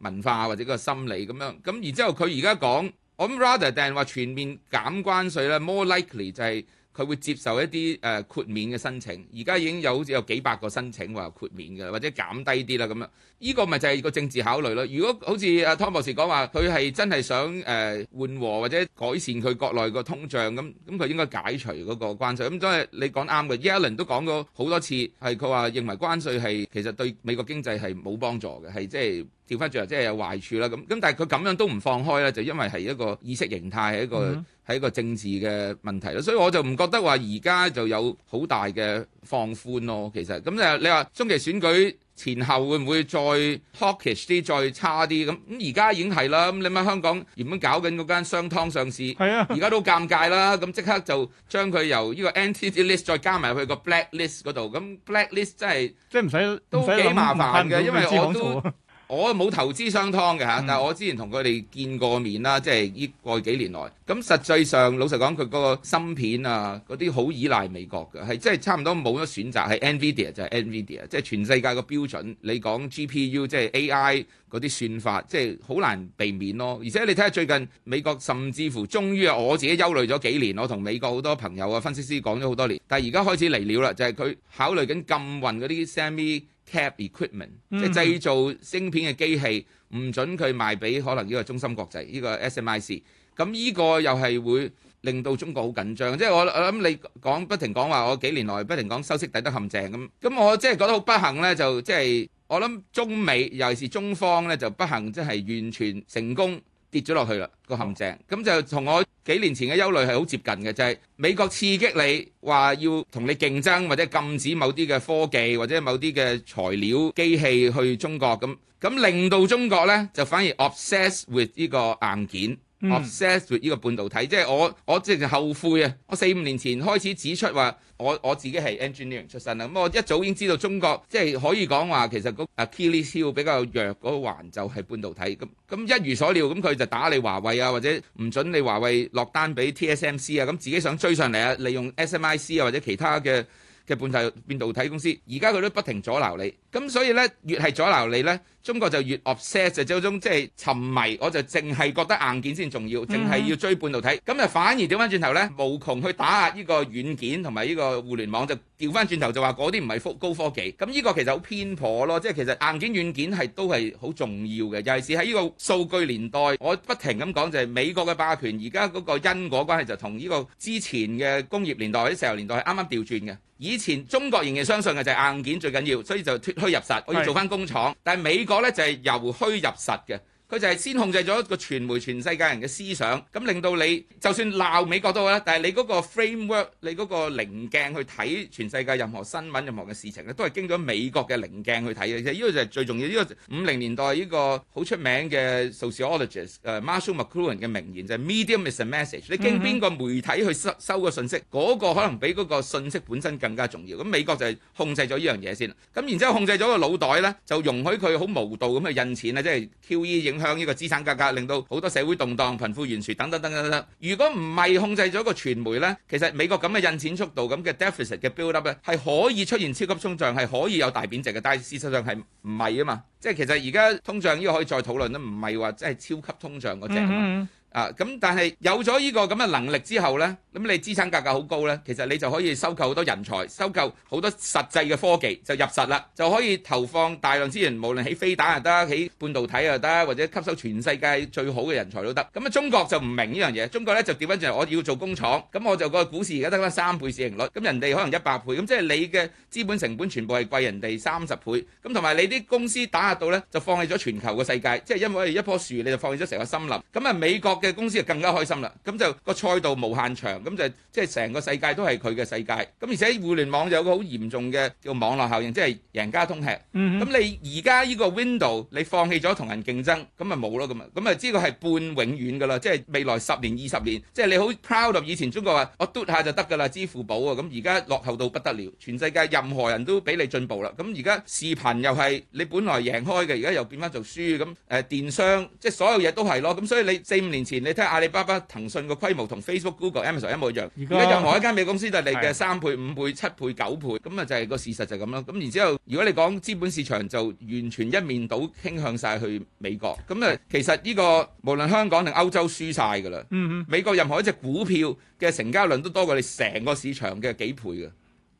文化或者個心理咁樣，咁然之後佢而家講，我 rather than 話全面減關稅咧，more likely 就係。佢會接受一啲誒、呃、豁免嘅申請，而家已經有好似有幾百個申請話豁免嘅，或者減低啲啦咁樣。呢、這個咪就係個政治考慮咯。如果好似阿湯博士講話，佢係真係想誒、呃、緩和或者改善佢國內個通脹咁，咁佢應該解除嗰個關稅。咁 都係你講啱嘅，耶倫都講咗好多次，係佢話認為關稅係其實對美國經濟係冇幫助嘅，係即係。調翻轉即係有壞處啦，咁咁但係佢咁樣都唔放開咧，就因為係一個意識形態，係一個係、mm hmm. 一個政治嘅問題咯，所以我就唔覺得話而家就有好大嘅放寬咯。其實咁誒，你話中期選舉前後會唔會再 hawkish 啲、再差啲？咁咁而家已經係啦。咁你咪香港原本搞緊嗰間商湯上市，而家、mm hmm. 都尷尬啦。咁即刻就將佢由呢個 entity list 再加埋去個 black list 嗰度。咁 black list 真係即係唔使都幾麻煩嘅，不不因為我都。 我冇投資商湯嘅嚇，嗯、但係我之前同佢哋見過面啦，即係依個幾年嚟。咁實際上老實講，佢嗰個芯片啊，嗰啲好依賴美國嘅，係即係差唔多冇咗選擇，係 NVIDIA 就係 NVIDIA，即係全世界個標準。你講 GPU 即係 AI 嗰啲算法，即係好難避免咯。而且你睇下最近美國甚至乎終於啊，我自己憂慮咗幾年，我同美國好多朋友啊、分析師講咗好多年，但係而家開始嚟了啦，就係、是、佢考慮緊禁運嗰啲 SMI。Cap equipment、嗯、即係製造芯片嘅機器，唔準佢賣俾可能呢個中芯國際呢、呢個 SMIC，咁呢個又係會令到中國好緊張。我我諗你講不停講話，我幾年來不停講收息抵得陷阱。咁，我即係覺得好不幸呢，就即係我諗中美尤其是中方咧，就不幸即係完全成功。跌咗落去啦，個陷阱咁就同我幾年前嘅憂慮係好接近嘅，就係美國刺激你話要同你競爭，或者禁止某啲嘅科技或者某啲嘅材料機器去中國咁，咁，令到中國呢就反而 obsess with 呢個硬件。嗯、obsessed with 呢個半導體，即係我我即係後悔啊！我四五年前開始指出話，我我自己係 engineering 出身啦，咁我一早已經知道中國即係可以講話，其實個啊 Achilles heel 比較弱嗰環就係半導體，咁咁一如所料，咁佢就打你華為啊，或者唔準你華為落單俾 TSMC 啊，咁自己想追上嚟啊，利用 SMIC 啊或者其他嘅嘅半導半導體公司，而家佢都不停阻撓你，咁所以呢，越係阻撓你呢。中國就越 obsessed 就即係沉迷，我就淨係覺得硬件先重要，淨係要追半導體，咁、嗯、就反而調翻轉頭呢無窮去打壓呢個軟件同埋呢個互聯網，就調翻轉頭就話嗰啲唔係高科技。咁呢個其實好偏頗咯，即係其實硬件、軟件係都係好重要嘅。尤其是喺呢個數據年代，我不停咁講就係美國嘅霸權，而家嗰個因果關係就同呢個之前嘅工業年代或者石油年代係啱啱調轉嘅。以前中國仍然相信嘅就係硬件最緊要，所以就脱虛入實，我要做翻工廠，是但係美國。我咧就係由虛入實嘅。佢就係先控制咗個傳媒全世界人嘅思想，咁令到你就算鬧美國都好啦，但係你嗰個 framework，你嗰個棱鏡去睇全世界任何新聞任何嘅事情咧，都係經咗美國嘅棱鏡去睇嘅。其實、這、呢個就係最重要，呢、這個五零年代呢個好出名嘅 sociologist Marshall McLuhan 嘅名言就係、是、medium is a message。你經邊個媒體去收收個信息，嗰、那個可能比嗰個信息本身更加重要。咁美國就係控制咗呢樣嘢先，咁然之後控制咗個腦袋咧，就容許佢好無度咁去印錢啊，即、就、係、是、QE 影。向呢個資產價格,格令到好多社會動盪、貧富懸殊等等等等,等,等。如果唔係控制咗個傳媒呢，其實美國咁嘅印錢速度、咁嘅 deficit 嘅 buildup 咧，係可以出現超級通脹，係可以有大貶值嘅。但係事實上係唔係啊嘛？即係其實而家通脹呢個可以再討論都唔係話即係超級通脹嗰隻。嗯嗯嗯啊，咁但係有咗呢個咁嘅能力之後呢，咁你資產價格好高呢，其實你就可以收購好多人才，收購好多實際嘅科技就入實啦，就可以投放大量資源，無論起飛彈又得，起半導體又得，或者吸收全世界最好嘅人才都得。咁啊，中國就唔明呢樣嘢，中國呢就點樣就係、是、我要做工廠，咁我就個股市而家得翻三倍市盈率，咁人哋可能一百倍，咁即係你嘅資本成本全部係貴人哋三十倍，咁同埋你啲公司打壓到呢，就放棄咗全球嘅世界，即係因為一棵樹你就放棄咗成個森林。咁啊，美國。嘅公司就更加開心啦，咁就個賽道無限長，咁就即係成個世界都係佢嘅世界，咁而且互聯網有個好嚴重嘅叫網絡效應，即係贏家通吃。咁、mm hmm. 你而家呢個 Window，你放棄咗同人競爭，咁咪冇咯，咁啊，咁啊知道係半永遠噶啦，即係未來十年二十年，即係你好 Proud 以前中國話我嘟下就得噶啦，支付寶啊，咁而家落後到不得了，全世界任何人都俾你進步啦。咁而家視頻又係你本來贏開嘅，而家又變翻做輸，咁誒電商即係所有嘢都係咯，咁所以你四五年前。你睇阿里巴巴、騰訊嘅規模同 Facebook、Google、Amazon 一模一樣，而家任何一間美公司都係嘅三倍、五倍、七倍、九倍，咁啊就係個事實就係咁咯。咁然之後，如果你講資本市場，就完全一面倒傾向晒去美國。咁啊，其實呢個無論香港定歐洲輸晒㗎啦。嗯嗯，美國任何一隻股票嘅成交量都多過你成個市場嘅幾倍嘅。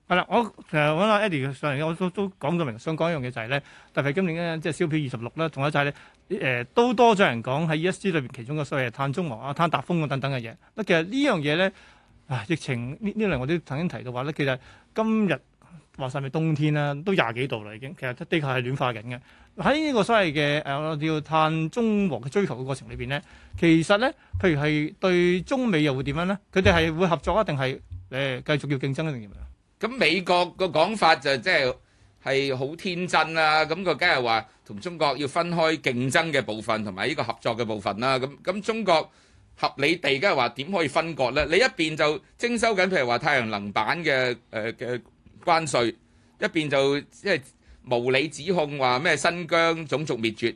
係啦，我成日揾阿 Eddie 上嚟，我都都講咗明。想講一樣嘢就係咧，特別今年咧，即係小票二十六啦，仲有就係咧。誒、呃、都多咗人講喺 E.S.G. 裏邊其中嘅所謂碳中和啊、碳達峰啊等等嘅嘢，咧其實呢樣嘢咧，疫情呢呢輪我都曾經提嘅話咧，其實今日話晒咪冬天啦，都廿幾度啦已經，其實地球係暖化緊嘅。喺呢個所謂嘅我哋叫碳中和嘅追求嘅過程裏邊咧，其實咧，譬如係對中美又會點樣咧？佢哋係會合作啊，定係誒繼續要競爭啊，定點樣？咁美國個講法就即係。係好天真呀，咁個梗係話同中國要分開競爭嘅部分同埋呢個合作嘅部分啦。咁咁中國合理地梗係話點可以分割咧？你一邊就徵收緊譬如話太陽能板嘅誒嘅關稅，一邊就即係無理指控話咩新疆種族滅絕。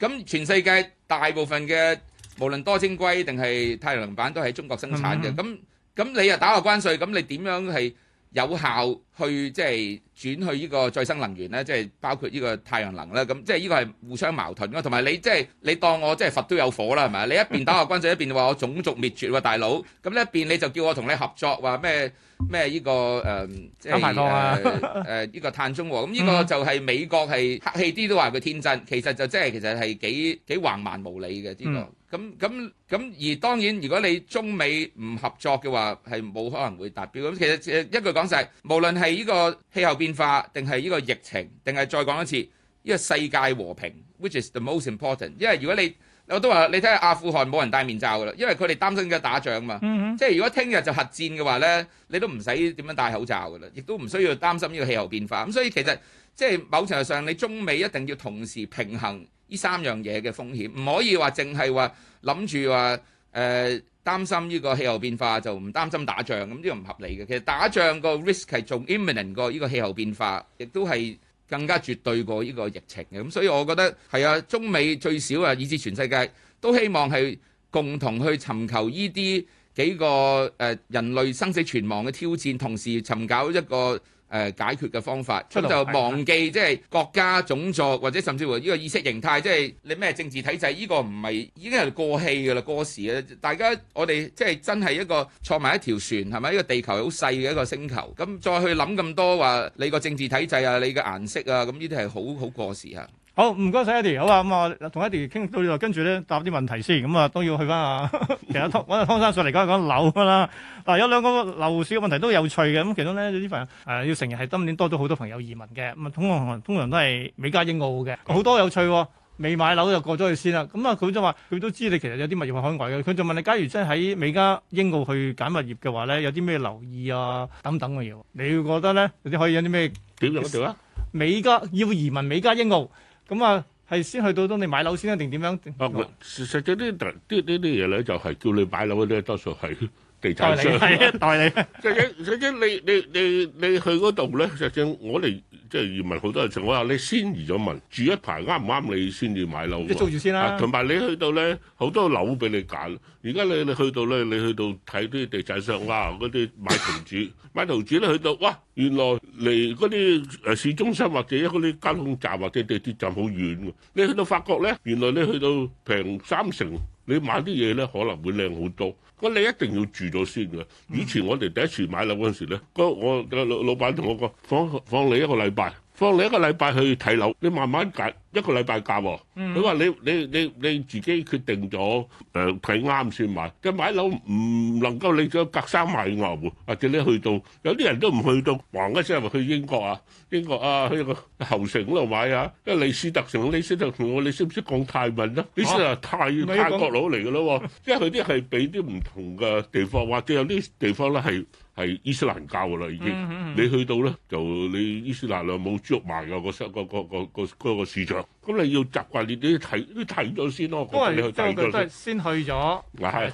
咁全世界大部分嘅無論多晶硅定係太陽能板都喺中國生產嘅。咁咁你又打下關稅，咁你點樣係？有效去即係轉去呢個再生能源咧，即係包括呢個太陽能啦。咁即係呢個係互相矛盾咯。同埋你即係你當我即係佛都有火啦，係咪？你一邊打下軍隊，一邊話我種族滅絕喎，大佬。咁一邊你就叫我同你合作，話咩咩呢個誒、呃、即係誒誒呢個碳中和。咁、呃、呢、這個就係美國係客 氣啲都話佢天真，其實就即、就、係、是、其實係幾幾橫蠻無理嘅呢、這個。 咁咁咁而當然，如果你中美唔合作嘅話，係冇可能會達標。咁其實一句講晒，無論係呢個氣候變化，定係呢個疫情，定係再講一次，呢個世界和平，which is the most important。因為如果你我都話，你睇下阿富汗冇人戴面罩㗎啦，因為佢哋擔心緊打仗嘛。即係如果聽日就核戰嘅話咧，你都唔使點樣戴口罩㗎啦，亦都唔需要擔心呢個氣候變化。咁所以其實即係某程度上，你中美一定要同時平衡。呢三樣嘢嘅風險，唔可以話淨係話諗住話誒擔心呢個氣候變化就唔擔心打仗，咁呢個唔合理嘅。其實打仗 risk 個 risk 係仲 imminent 過呢個氣候變化，亦都係更加絕對過呢個疫情嘅。咁所以我覺得係啊，中美最少啊，以至全世界都希望係共同去尋求呢啲幾個誒人類生死存亡嘅挑戰，同時尋找一個，誒解決嘅方法，咁就忘記即係國家種族，或者甚至乎呢個意識形態，即係你咩政治體制，呢個唔係已經係過氣嘅啦，過時啊。大家我哋即係真係一個坐埋一條船，係咪呢個地球好細嘅一個星球？咁再去諗咁多話你個政治體制啊，你嘅顏色啊，咁呢啲係好好過時啊！哦、謝謝，好唔該晒 Adi 好啊，咁啊同 Adi 傾到呢度，跟住咧答啲問題先，咁啊都要去翻啊。其實湯，揾阿湯生上嚟講講樓啦。嗱，有兩個樓市嘅問題都有趣嘅，咁其中咧有啲朋友誒要成日係今年多咗好多朋友移民嘅，咁啊通常通常都係美加英澳嘅，好多有趣喎。未買樓就過咗去先啦，咁啊佢就話佢都知你其實有啲物業係海外嘅，佢就問你，假如真係喺美加英澳去揀物業嘅話咧，有啲咩留意啊等等嘅嘢。你覺得咧有啲可以有啲咩點樣啊？美加要移民美加英澳。咁啊，係、嗯、先去到都你買樓先啊，定點樣？啊，實實際啲啲呢啲嘢咧，就係、是、叫你買樓嗰啲多數係地產商，代代理。代理實際實際，你你你你去嗰度咧，實際我哋即係移民好多嘅時候，我話你先移咗民住一排啱唔啱你先至買樓喎。一租住先啦。同埋你去到咧，好多樓俾你揀。而家你你去到咧，你去到睇啲地產商哇，嗰啲買同主 買同主咧去到哇。原來離嗰啲誒市中心或者嗰啲交通站或者地鐵站好遠，你去到發覺咧，原來你去到平三成，你買啲嘢咧，可能會靚好多。噉你一定要住咗先嘅。以前我哋第一次買樓嗰陣時咧，我老老闆同我講，放放你一個禮拜。放你一個禮拜去睇樓，你慢慢揀一個禮拜揀。佢話、嗯、你你你你，你自己決定咗誒睇啱先買。即係買樓唔能夠你咗隔山買牛，或者你去到有啲人都唔去到。話一聲咪去英國啊，英國啊，去一個侯城度、啊、買啊。因為利斯特城，利斯特城，你識唔識講泰文啊？你識啊？泰泰國佬嚟㗎咯。即係佢啲係俾啲唔同嘅地方，或者有啲地方咧係。係伊斯蘭教噶啦，已經，mm hmm. 你去到咧就你伊斯蘭啊冇豬肉賣㗎，嗰個、嗰個、嗰個個個嗰個市場。咁你要習慣，你都要睇，都要睇咗先咯。都係即係都係先去咗，啊、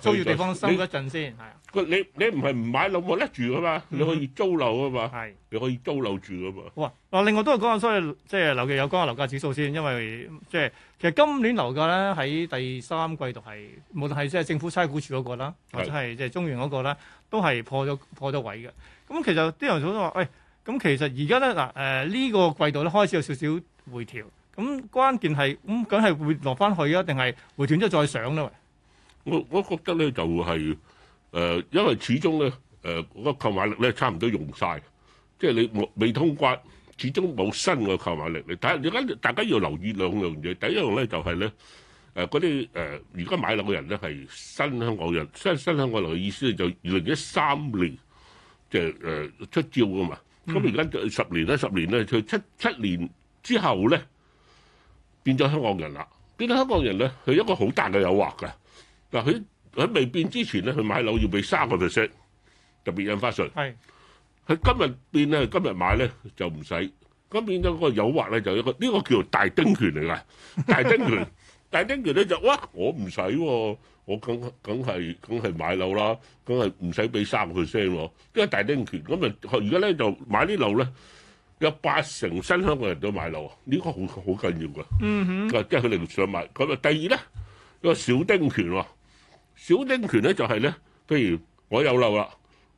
租要地方了收一陣先。係啊你是。你你唔係唔買樓，冇得住噶嘛？ 你可以租樓啊嘛。係是。你可以租樓住噶嘛？哇！啊，另外都係講下，所以即係留意有講下樓價指數先，因為即係、就是、其實今年樓價咧喺第三季度係無論係即係政府差估署嗰個啦，是或者係即係中原嗰個啦，都係破咗破咗位嘅。咁、嗯、其實啲人總都話，喂、嗯，咁、嗯、其實而家咧嗱誒呢個季度咧開始有少少回調。咁關鍵係咁，梗、嗯、係會落翻去啊？定係回轉之後再上咧？我我覺得咧就係、是、誒、呃，因為始終咧誒嗰個購買力咧差唔多用晒，即係你未通關，始終冇新嘅購買力。你睇而家大家要留意兩樣嘢，第一樣咧就係咧誒嗰啲誒而家買樓嘅人咧係新香港人，新新香港樓嘅意思就二零一三年即係誒出招噶嘛。咁而家就十年咧，十年咧，除七七年之後咧。變咗香港人啦，變咗香港人咧，佢一個好大嘅誘惑㗎。嗱，佢喺未變之前咧，佢買樓要俾三個 percent，特別印花稅。係是，佢今日變咧，今日買咧就唔使。咁變咗嗰個誘惑咧，就一個呢，呢個叫做大丁權嚟㗎。大丁權， 大丁權咧就哇，我唔使喎，我梗梗係梗係買樓啦，梗係唔使俾三個 percent 喎。因為大丁權咁咪，而家咧就買啲樓咧。有八成新香港人都買樓，呢、這個好好緊要㗎。嗯哼，即係佢哋想買。咁啊，第二咧，個小丁權喎，小丁權咧就係咧，譬如我有樓啦，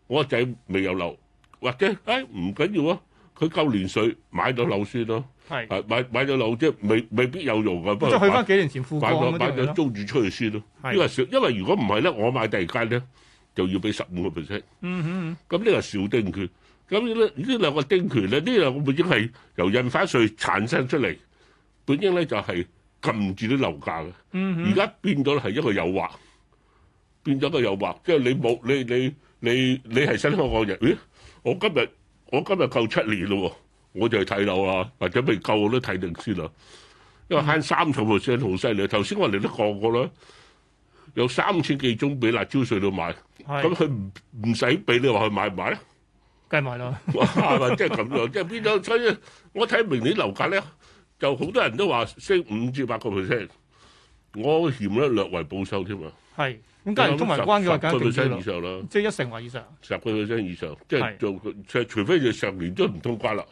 我個仔未有樓，或者誒唔緊要啊，佢、哎、夠年歲買咗樓先咯、啊。係是，買買咗樓即係未未必有用㗎。不過即係去翻幾年前富過咁樣咯。租住出去先咯、啊。因為小因為如果唔係咧，我買第二間咧就要俾十五個 percent。嗯哼，咁呢個小丁權。嗯咁呢呢兩個精權咧，呢兩個本應係由印花稅產生出嚟，本應咧就係禁住啲樓價嘅。而家、嗯、哼變咗係一個誘惑，變咗個誘惑，即係你冇你你你你係新香港人，咦？我今日我今日夠七年咯，我就去睇樓啦，或者未夠我都睇定先啦。因為慳三成先好犀利，頭先我哋都講過啦，有三千幾宗俾辣椒稅都買，咁佢唔唔使俾你話佢買唔買咧？即係咯？哇！即係咁樣，即係邊咗？所以我睇明年樓價咧，就好多人都話升五至八個 percent。我嫌咧略為保守添啊。係咁，假如通埋關嘅話，梗係定衰啦。即係一成或以上，十個 percent 以上，即、就、係、是、做，是除非就十年都唔通關啦。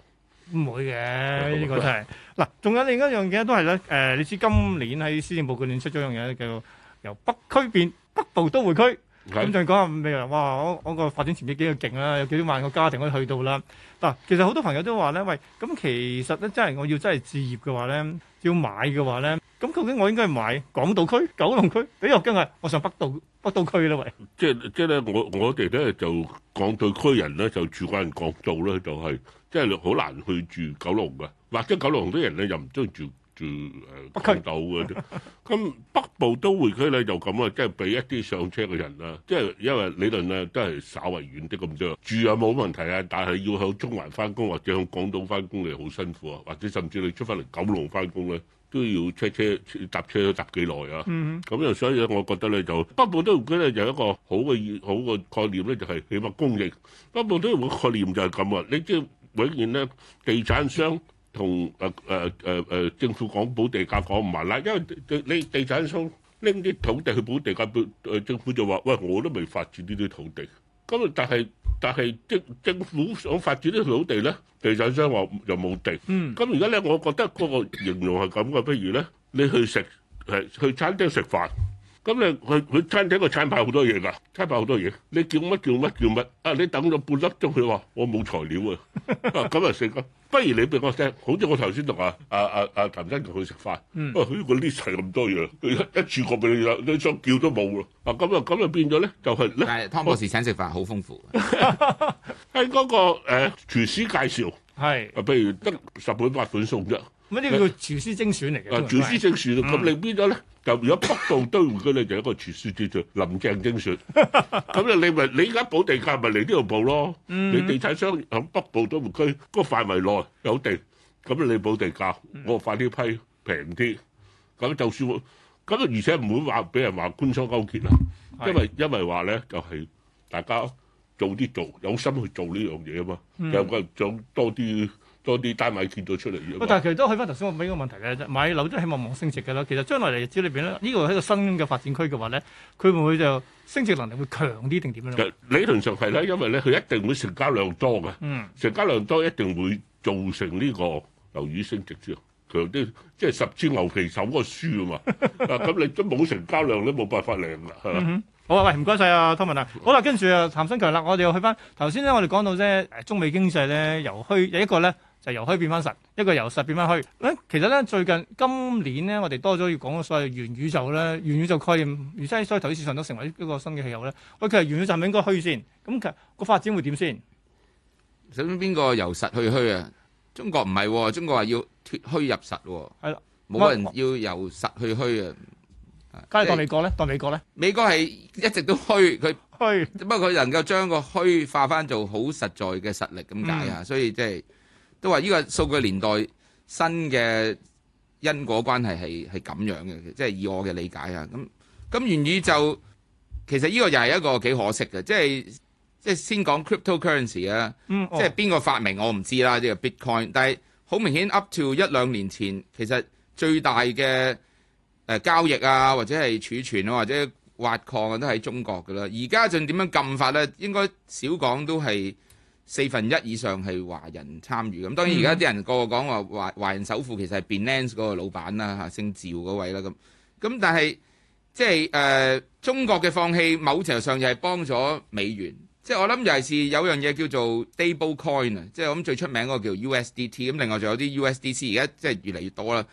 唔會嘅，呢個都係嗱。仲有另一樣嘢都係咧。誒、呃，你知今年喺施政報告佢哋出咗樣嘢，叫由北區變北部都會區。咁就講下未來，哇！我我個發展前景幾咁勁啦，有幾千萬個家庭可以去到啦。嗱，其實好多朋友都話咧，喂，咁其實咧真係我要真係置業嘅話咧，要買嘅話咧，咁究竟我應該買港島區、九龍區？哎呀，今日我上北島北島區啦，喂！即即咧，我我哋咧就港島區人咧就住慣港度咧，就係、是、即係好難去住九龍㗎，或者九龍啲人咧又唔中意住。嗯，誒，到嘅啫，咁北部都會區咧就咁啊，即係俾一啲上車嘅人啦，即係因為理論咧都係稍微遠啲咁啫。住啊冇問題啊，但係要向中環翻工或者向港島翻工，你好辛苦啊，或者甚至你出翻嚟九龍翻工咧，都要車車搭車都搭幾耐啊。嗯，咁又所以咧，我覺得咧就北部都會區咧就一個好嘅好嘅概念咧，就係、是、起碼供應北部都會區概念就係咁啊。你即係永遠咧，地產商。同誒誒誒誒政府講補地價講唔埋啦，因為你地產商拎啲土地去補地價，誒政府就話：喂，我都未發展呢啲土地。咁但係但係政政府想發展啲土地咧，地產商話又冇地。嗯。咁而家咧，我覺得嗰個形容係咁嘅，不如咧，你去食係去餐廳食飯，咁你佢佢餐廳個餐牌好多嘢㗎，餐牌好多嘢。你叫乜叫乜叫乜？啊！你等咗半粒鐘佢話，我冇材料啊！咁啊食個，不如你俾我聽。好似我頭先同啊，啊，啊，啊，譚生同佢食飯，哇、嗯！佢呢、啊這個 list 係咁多嘢，一次過俾你啦，你想叫都冇咯。啊咁啊咁啊變咗咧，就係、是、湯博士請食飯好豐富。喺嗰、 那個誒、呃、廚師介紹係，啊譬如得十本八本送啫。乜呢個叫廚師精選嚟嘅？啊，廚師精選，咁、嗯、你邊咗咧？就如果北部都會區你就是、一個廚師精選，林鄭精選。咁啊、嗯，你咪你而家補地價咪嚟呢度補咯？你地產商響北部都會區個範圍內有地，咁你補地價，我快啲批平啲。咁就算，咁啊，而且唔會話俾人話官商勾結啊，因為因為話咧就係、是、大家早啲做，有心去做呢樣嘢啊嘛，又講想多啲。多啲帶埋見到出嚟嘅。但係其實都去翻頭先我問依個問題咧，啫買樓都希望望升值嘅啦。其實將來日子裏邊咧，呢、係一個新嘅發展區嘅話咧，佢會唔會就升值能力會強啲定點樣？理論上係啦，因為咧佢一定會成交量多嘅。嗯，成交量多一定會造成呢個樓宇升值先，強啲，即係十支牛皮手嗰個輸啊嘛。咁、 啊、你都冇成交量，你都冇辦法量啦 的、嗯。好啊，喂，唔該晒啊，湯文啊。好啦，跟住啊，譚新強啦，我哋又去翻頭先咧，我哋講到啫，中美經濟咧由虛有一個咧。就由虛變翻實，一個由實變翻虛。咧其實咧，最近今年咧，我哋多咗要講嘅所謂元宇宙咧，元宇宙概念而家喺所以投資市場都成為一個新嘅氣候咧。佢其實元宇宙係咪應該虛先？咁其實個發展會點先？首先邊個由實去虛啊？中國唔係、啊，中國話要脫虛入實、啊。係咯的，冇人要由實去虛啊！梗係、嗯、當美國咧，當美國咧，美國係一直都虛，佢虛， 不過佢能夠將個虛化翻做好實在嘅實力咁解啊。所以即係。都話呢個數據年代新嘅因果關係係係咁樣嘅，即係以我嘅理解啊。咁咁元宇宙其實呢個又係一個幾可惜嘅，即係即係先講 cryptocurrency 啊，即係邊個發明我唔知啦，呢個 bitcoin。但係好明顯 up to 一兩年前，其實最大嘅誒交易啊，或者係儲存啊，或者挖礦啊，都喺中國㗎啦。而家仲點樣禁法咧？應該少講都係。四分一以上係華人參與咁，當然而家啲人個個講話華華人首富其實係 b n a n s 嗰個老闆啦嚇，姓趙嗰位啦咁。咁但係即係誒、呃、中國嘅放棄某 coin, T, DC，越越，某程度上又係幫咗美元。即係我諗又係是有樣嘢叫做 d a b l e Coin 啊，即我咁最出名嗰個叫 USDT，咁另外仲有啲 USDC，而家即係越嚟越多啦。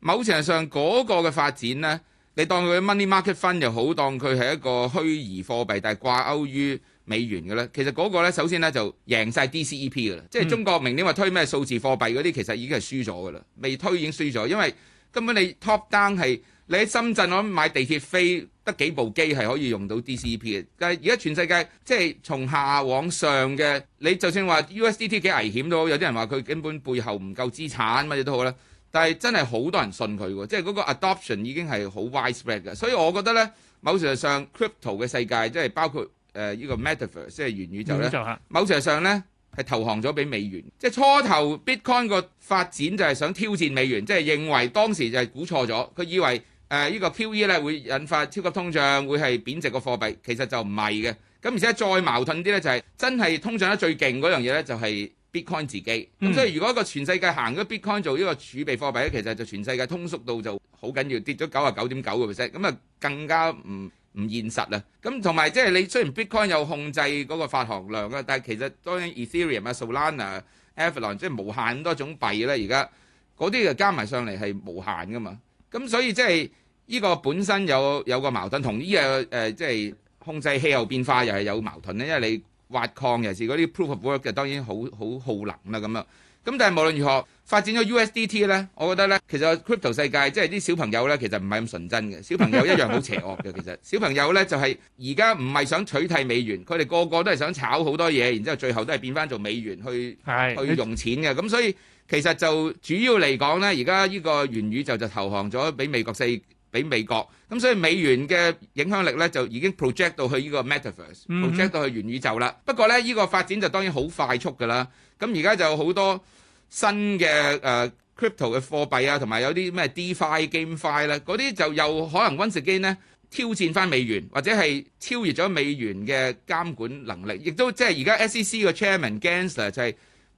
某程度上嗰個嘅發展呢，你當佢 Money Market 分又好，當佢係一個虛擬貨幣，但係掛鈎於美元嘅咧，其實嗰個咧，首先咧就贏晒 DCEP 噶啦。即係中國明年話推咩數字貨幣嗰啲，其實已經係輸咗嘅啦。未推已經輸咗，因為根本你 top down 係，你喺深圳我諗買地鐵飛得幾部機係可以用到 DCEP 嘅。但係而家全世界即係從下往上嘅，你就算話 USDT 幾危險都好，有啲人話佢根本背後唔夠資產乜嘢都好啦。但係真係好多人信佢，即係嗰個 adoption 已經係好 widespread 嘅。所以我覺得咧，某程度上 crypto 嘅世界即係包括。誒依、呃這個 metaphor 即係元宇宙咧，宙某程度上咧係投降咗俾美元。即係初頭 bitcoin 個發展就係想挑戰美元，即、就、係、是、認為當時就係估錯咗。佢以為誒依、呃這個 QE 咧會引發超級通脹，會係貶值個貨幣，其實就唔係嘅。咁而且再矛盾啲咧就係、是、真係通脹得最勁嗰樣嘢咧就係、是、bitcoin 自己。咁所以如果一個全世界行咗 bitcoin 做呢個儲備貨幣咧，嗯、其實就全世界通縮到就好緊要，跌咗九啊九點九個 percent。咁啊更加唔。唔現實啊！咁同埋即係你雖然 Bitcoin 有控制嗰個發行量啊，但係其實當然 Ethereum 啊、Solana、Avalon 即係無限多種幣啦。而家嗰啲就加埋上嚟係無限噶嘛。咁所以即係呢個本身有有個矛盾，同呢個誒即係控制氣候變化又係有矛盾咧，因為你挖礦尤其係嗰啲 Proof of Work 就當然好好耗能啦咁啊。咁但係無論如何發展咗 USDT 呢，我覺得呢，其實 crypto 世界即係啲小朋友呢，其實唔係咁純真嘅。小朋友一樣好邪惡嘅， 其實小朋友呢，就係而家唔係想取締美元，佢哋個個都係想炒好多嘢，然之後最後都係變翻做美元去 去用錢嘅。咁所以其實就主要嚟講呢，而家呢個元宇宙就投降咗俾美國四，俾美國咁，所以美元嘅影響力咧就已經 project 到去呢個 metaverse，project、mm hmm。到去元宇宙啦。不過咧，呢、這個發展就當然好快速噶啦。咁而家就好多新嘅誒、uh, crypto 嘅貨幣啊，同埋有啲咩 DeFi GameFi 咧、啊，嗰啲就又可能搵時機呢挑戰翻美元，或者係超越咗美元嘅監管能力，亦都即係而家 SEC 嘅 Chairman Gensler 就係、是。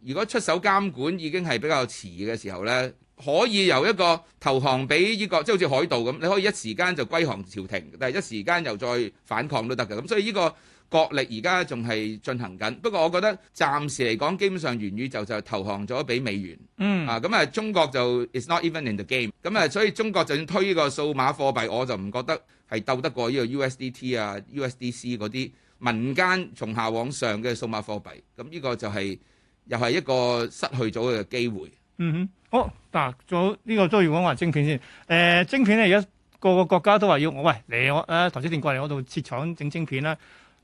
如果出手監管已經係比較遲嘅時候呢，可以由一個投降俾呢個，即係好似海盜咁，你可以一時間就歸降朝廷，但係一時間又再反抗都得嘅。咁所以呢個角力而家仲係進行緊。不過我覺得暫時嚟講，基本上元宇宙就就投降咗俾美元。嗯、mm. 啊，咁、嗯、啊，中國就 it's not even in the game。咁啊，所以中國就算推呢個數碼貨幣，我就唔覺得係鬥得過呢個 USDT 啊、USDC 嗰啲民間從下往上嘅數碼貨幣。咁、嗯、呢、這個就係、是。又係一個失去咗嘅機會。嗯哼，好嗱，仲、啊、呢、呢個都要講下晶片先。誒、欸，晶片咧，而家個個國家都話要喂我喂嚟、啊、我誒投資店過嚟我度設廠整晶片啦。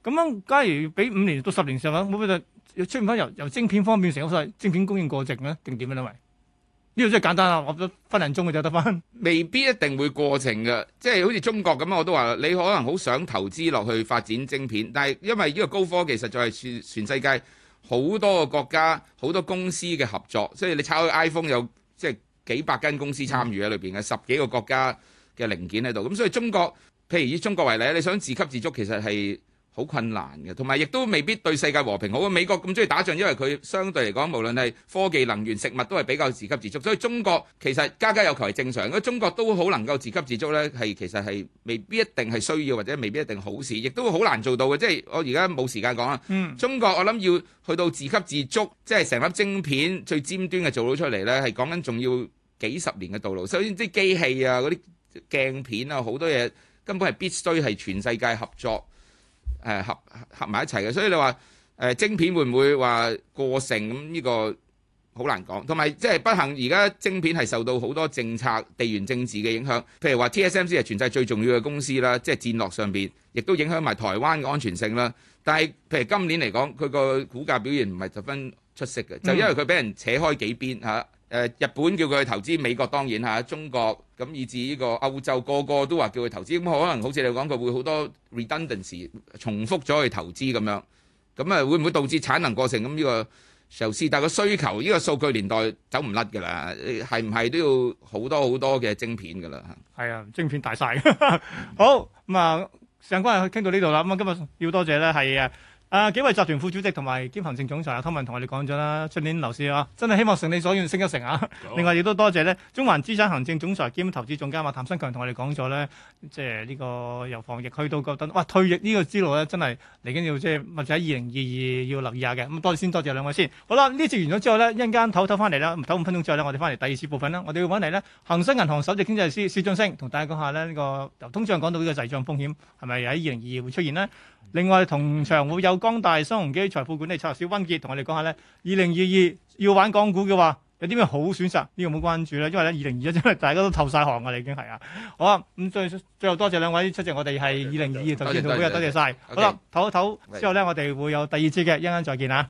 咁、啊、樣假如俾五年到十年上，間、啊，會唔會又出現翻由由晶片方面成好晒晶片供應過剩咧？定點樣？因為呢個真係簡單啊，我都分人鐘嘅就得翻。未必一定會過剩嘅，即係好似中國咁啊！我都話你可能好想投資落去發展晶片，但係因為呢個高科技實在係全全世界。好多個國家、好多公司嘅合作，所以你拆開 iPhone 有即係幾百間公司參與喺裏邊嘅，十幾個國家嘅零件喺度，咁所以中國，譬如以中國為例，你想自給自足，其實係好困難嘅，同埋亦都未必對世界和平好啊！美國咁中意打仗，因為佢相對嚟講，無論係科技、能源、食物都係比較自給自足。所以中國其實家家有求係正常。如果中國都好能夠自給自足，呢係其實係未必一定係需要，或者未必一定好事，亦都好難做到嘅。即係我而家冇時間講啦。嗯、中國我諗要去到自給自足，即係成粒晶片最尖端嘅做到出嚟，呢係講緊仲要幾十年嘅道路。首先，即係機器啊、嗰啲鏡片啊，好多嘢根本係必須係全世界合作。誒合合埋一齊嘅，所以你話誒、欸、晶片會唔會話過剩咁？呢個好難講。同埋即係不幸而家晶片係受到好多政策、地緣政治嘅影響。譬如話 TSMC 係全世界最重要嘅公司啦，即係戰略上邊，亦都影響埋台灣嘅安全性啦。但係譬如今年嚟講，佢個股價表現唔係十分出色嘅，就因為佢俾人扯開幾邊嚇。嗯誒日本叫佢去投資，美國當然嚇，中國咁以至呢個歐洲個個都話叫佢投資，咁可能好似你講，佢會好多 redundancy 重複咗去投資咁樣，咁啊會唔會導致產能過剩？咁呢個，尤其但係個需求呢個數據年代走唔甩㗎啦，係唔係都要好多好多嘅晶片㗎啦？嚇，係啊，晶片大晒。 好咁啊，時間關係去傾到呢度啦。咁啊，今日要多謝咧係。誒、啊、紀惠集團副主席同埋兼行政總裁啊，湯文同我哋講咗啦，出年樓市啊，真係希望成你所願升一成啊！ 另外亦都多謝咧，中環資產行政總裁兼投資總監阿譚新強同我哋講咗咧。即係呢個由防疫去到覺得，哇！退役呢個之路咧，真係嚟緊要即係或者喺二零二二要留意下嘅。咁多謝先，多謝兩位先。好啦，呢次完咗之後咧，一陣間唞唞翻嚟啦，唞五分鐘之後咧，我哋翻嚟第二次部分啦。我哋要揾嚟咧，恒生銀行首席經濟師薛俊升同大家講下咧，呢、這個由通脹講到呢個滯脹風險係咪喺二零二二會出現呢？另外同場會有光大新鴻基財富管理策略師温傑同我哋講下咧，二零二二要玩港股嘅話。有啲咩好選擇？呢、這個冇關注啦，因為呢二零二一真係大家都透曬汗㗎啦，已經係啊。好啊，最最後多謝,謝兩位出席，我哋係二零二二投資研討會，多謝曬。好啦，唞 Okay, 一唞之後呢，我哋會有第二次嘅，一陣再見啊！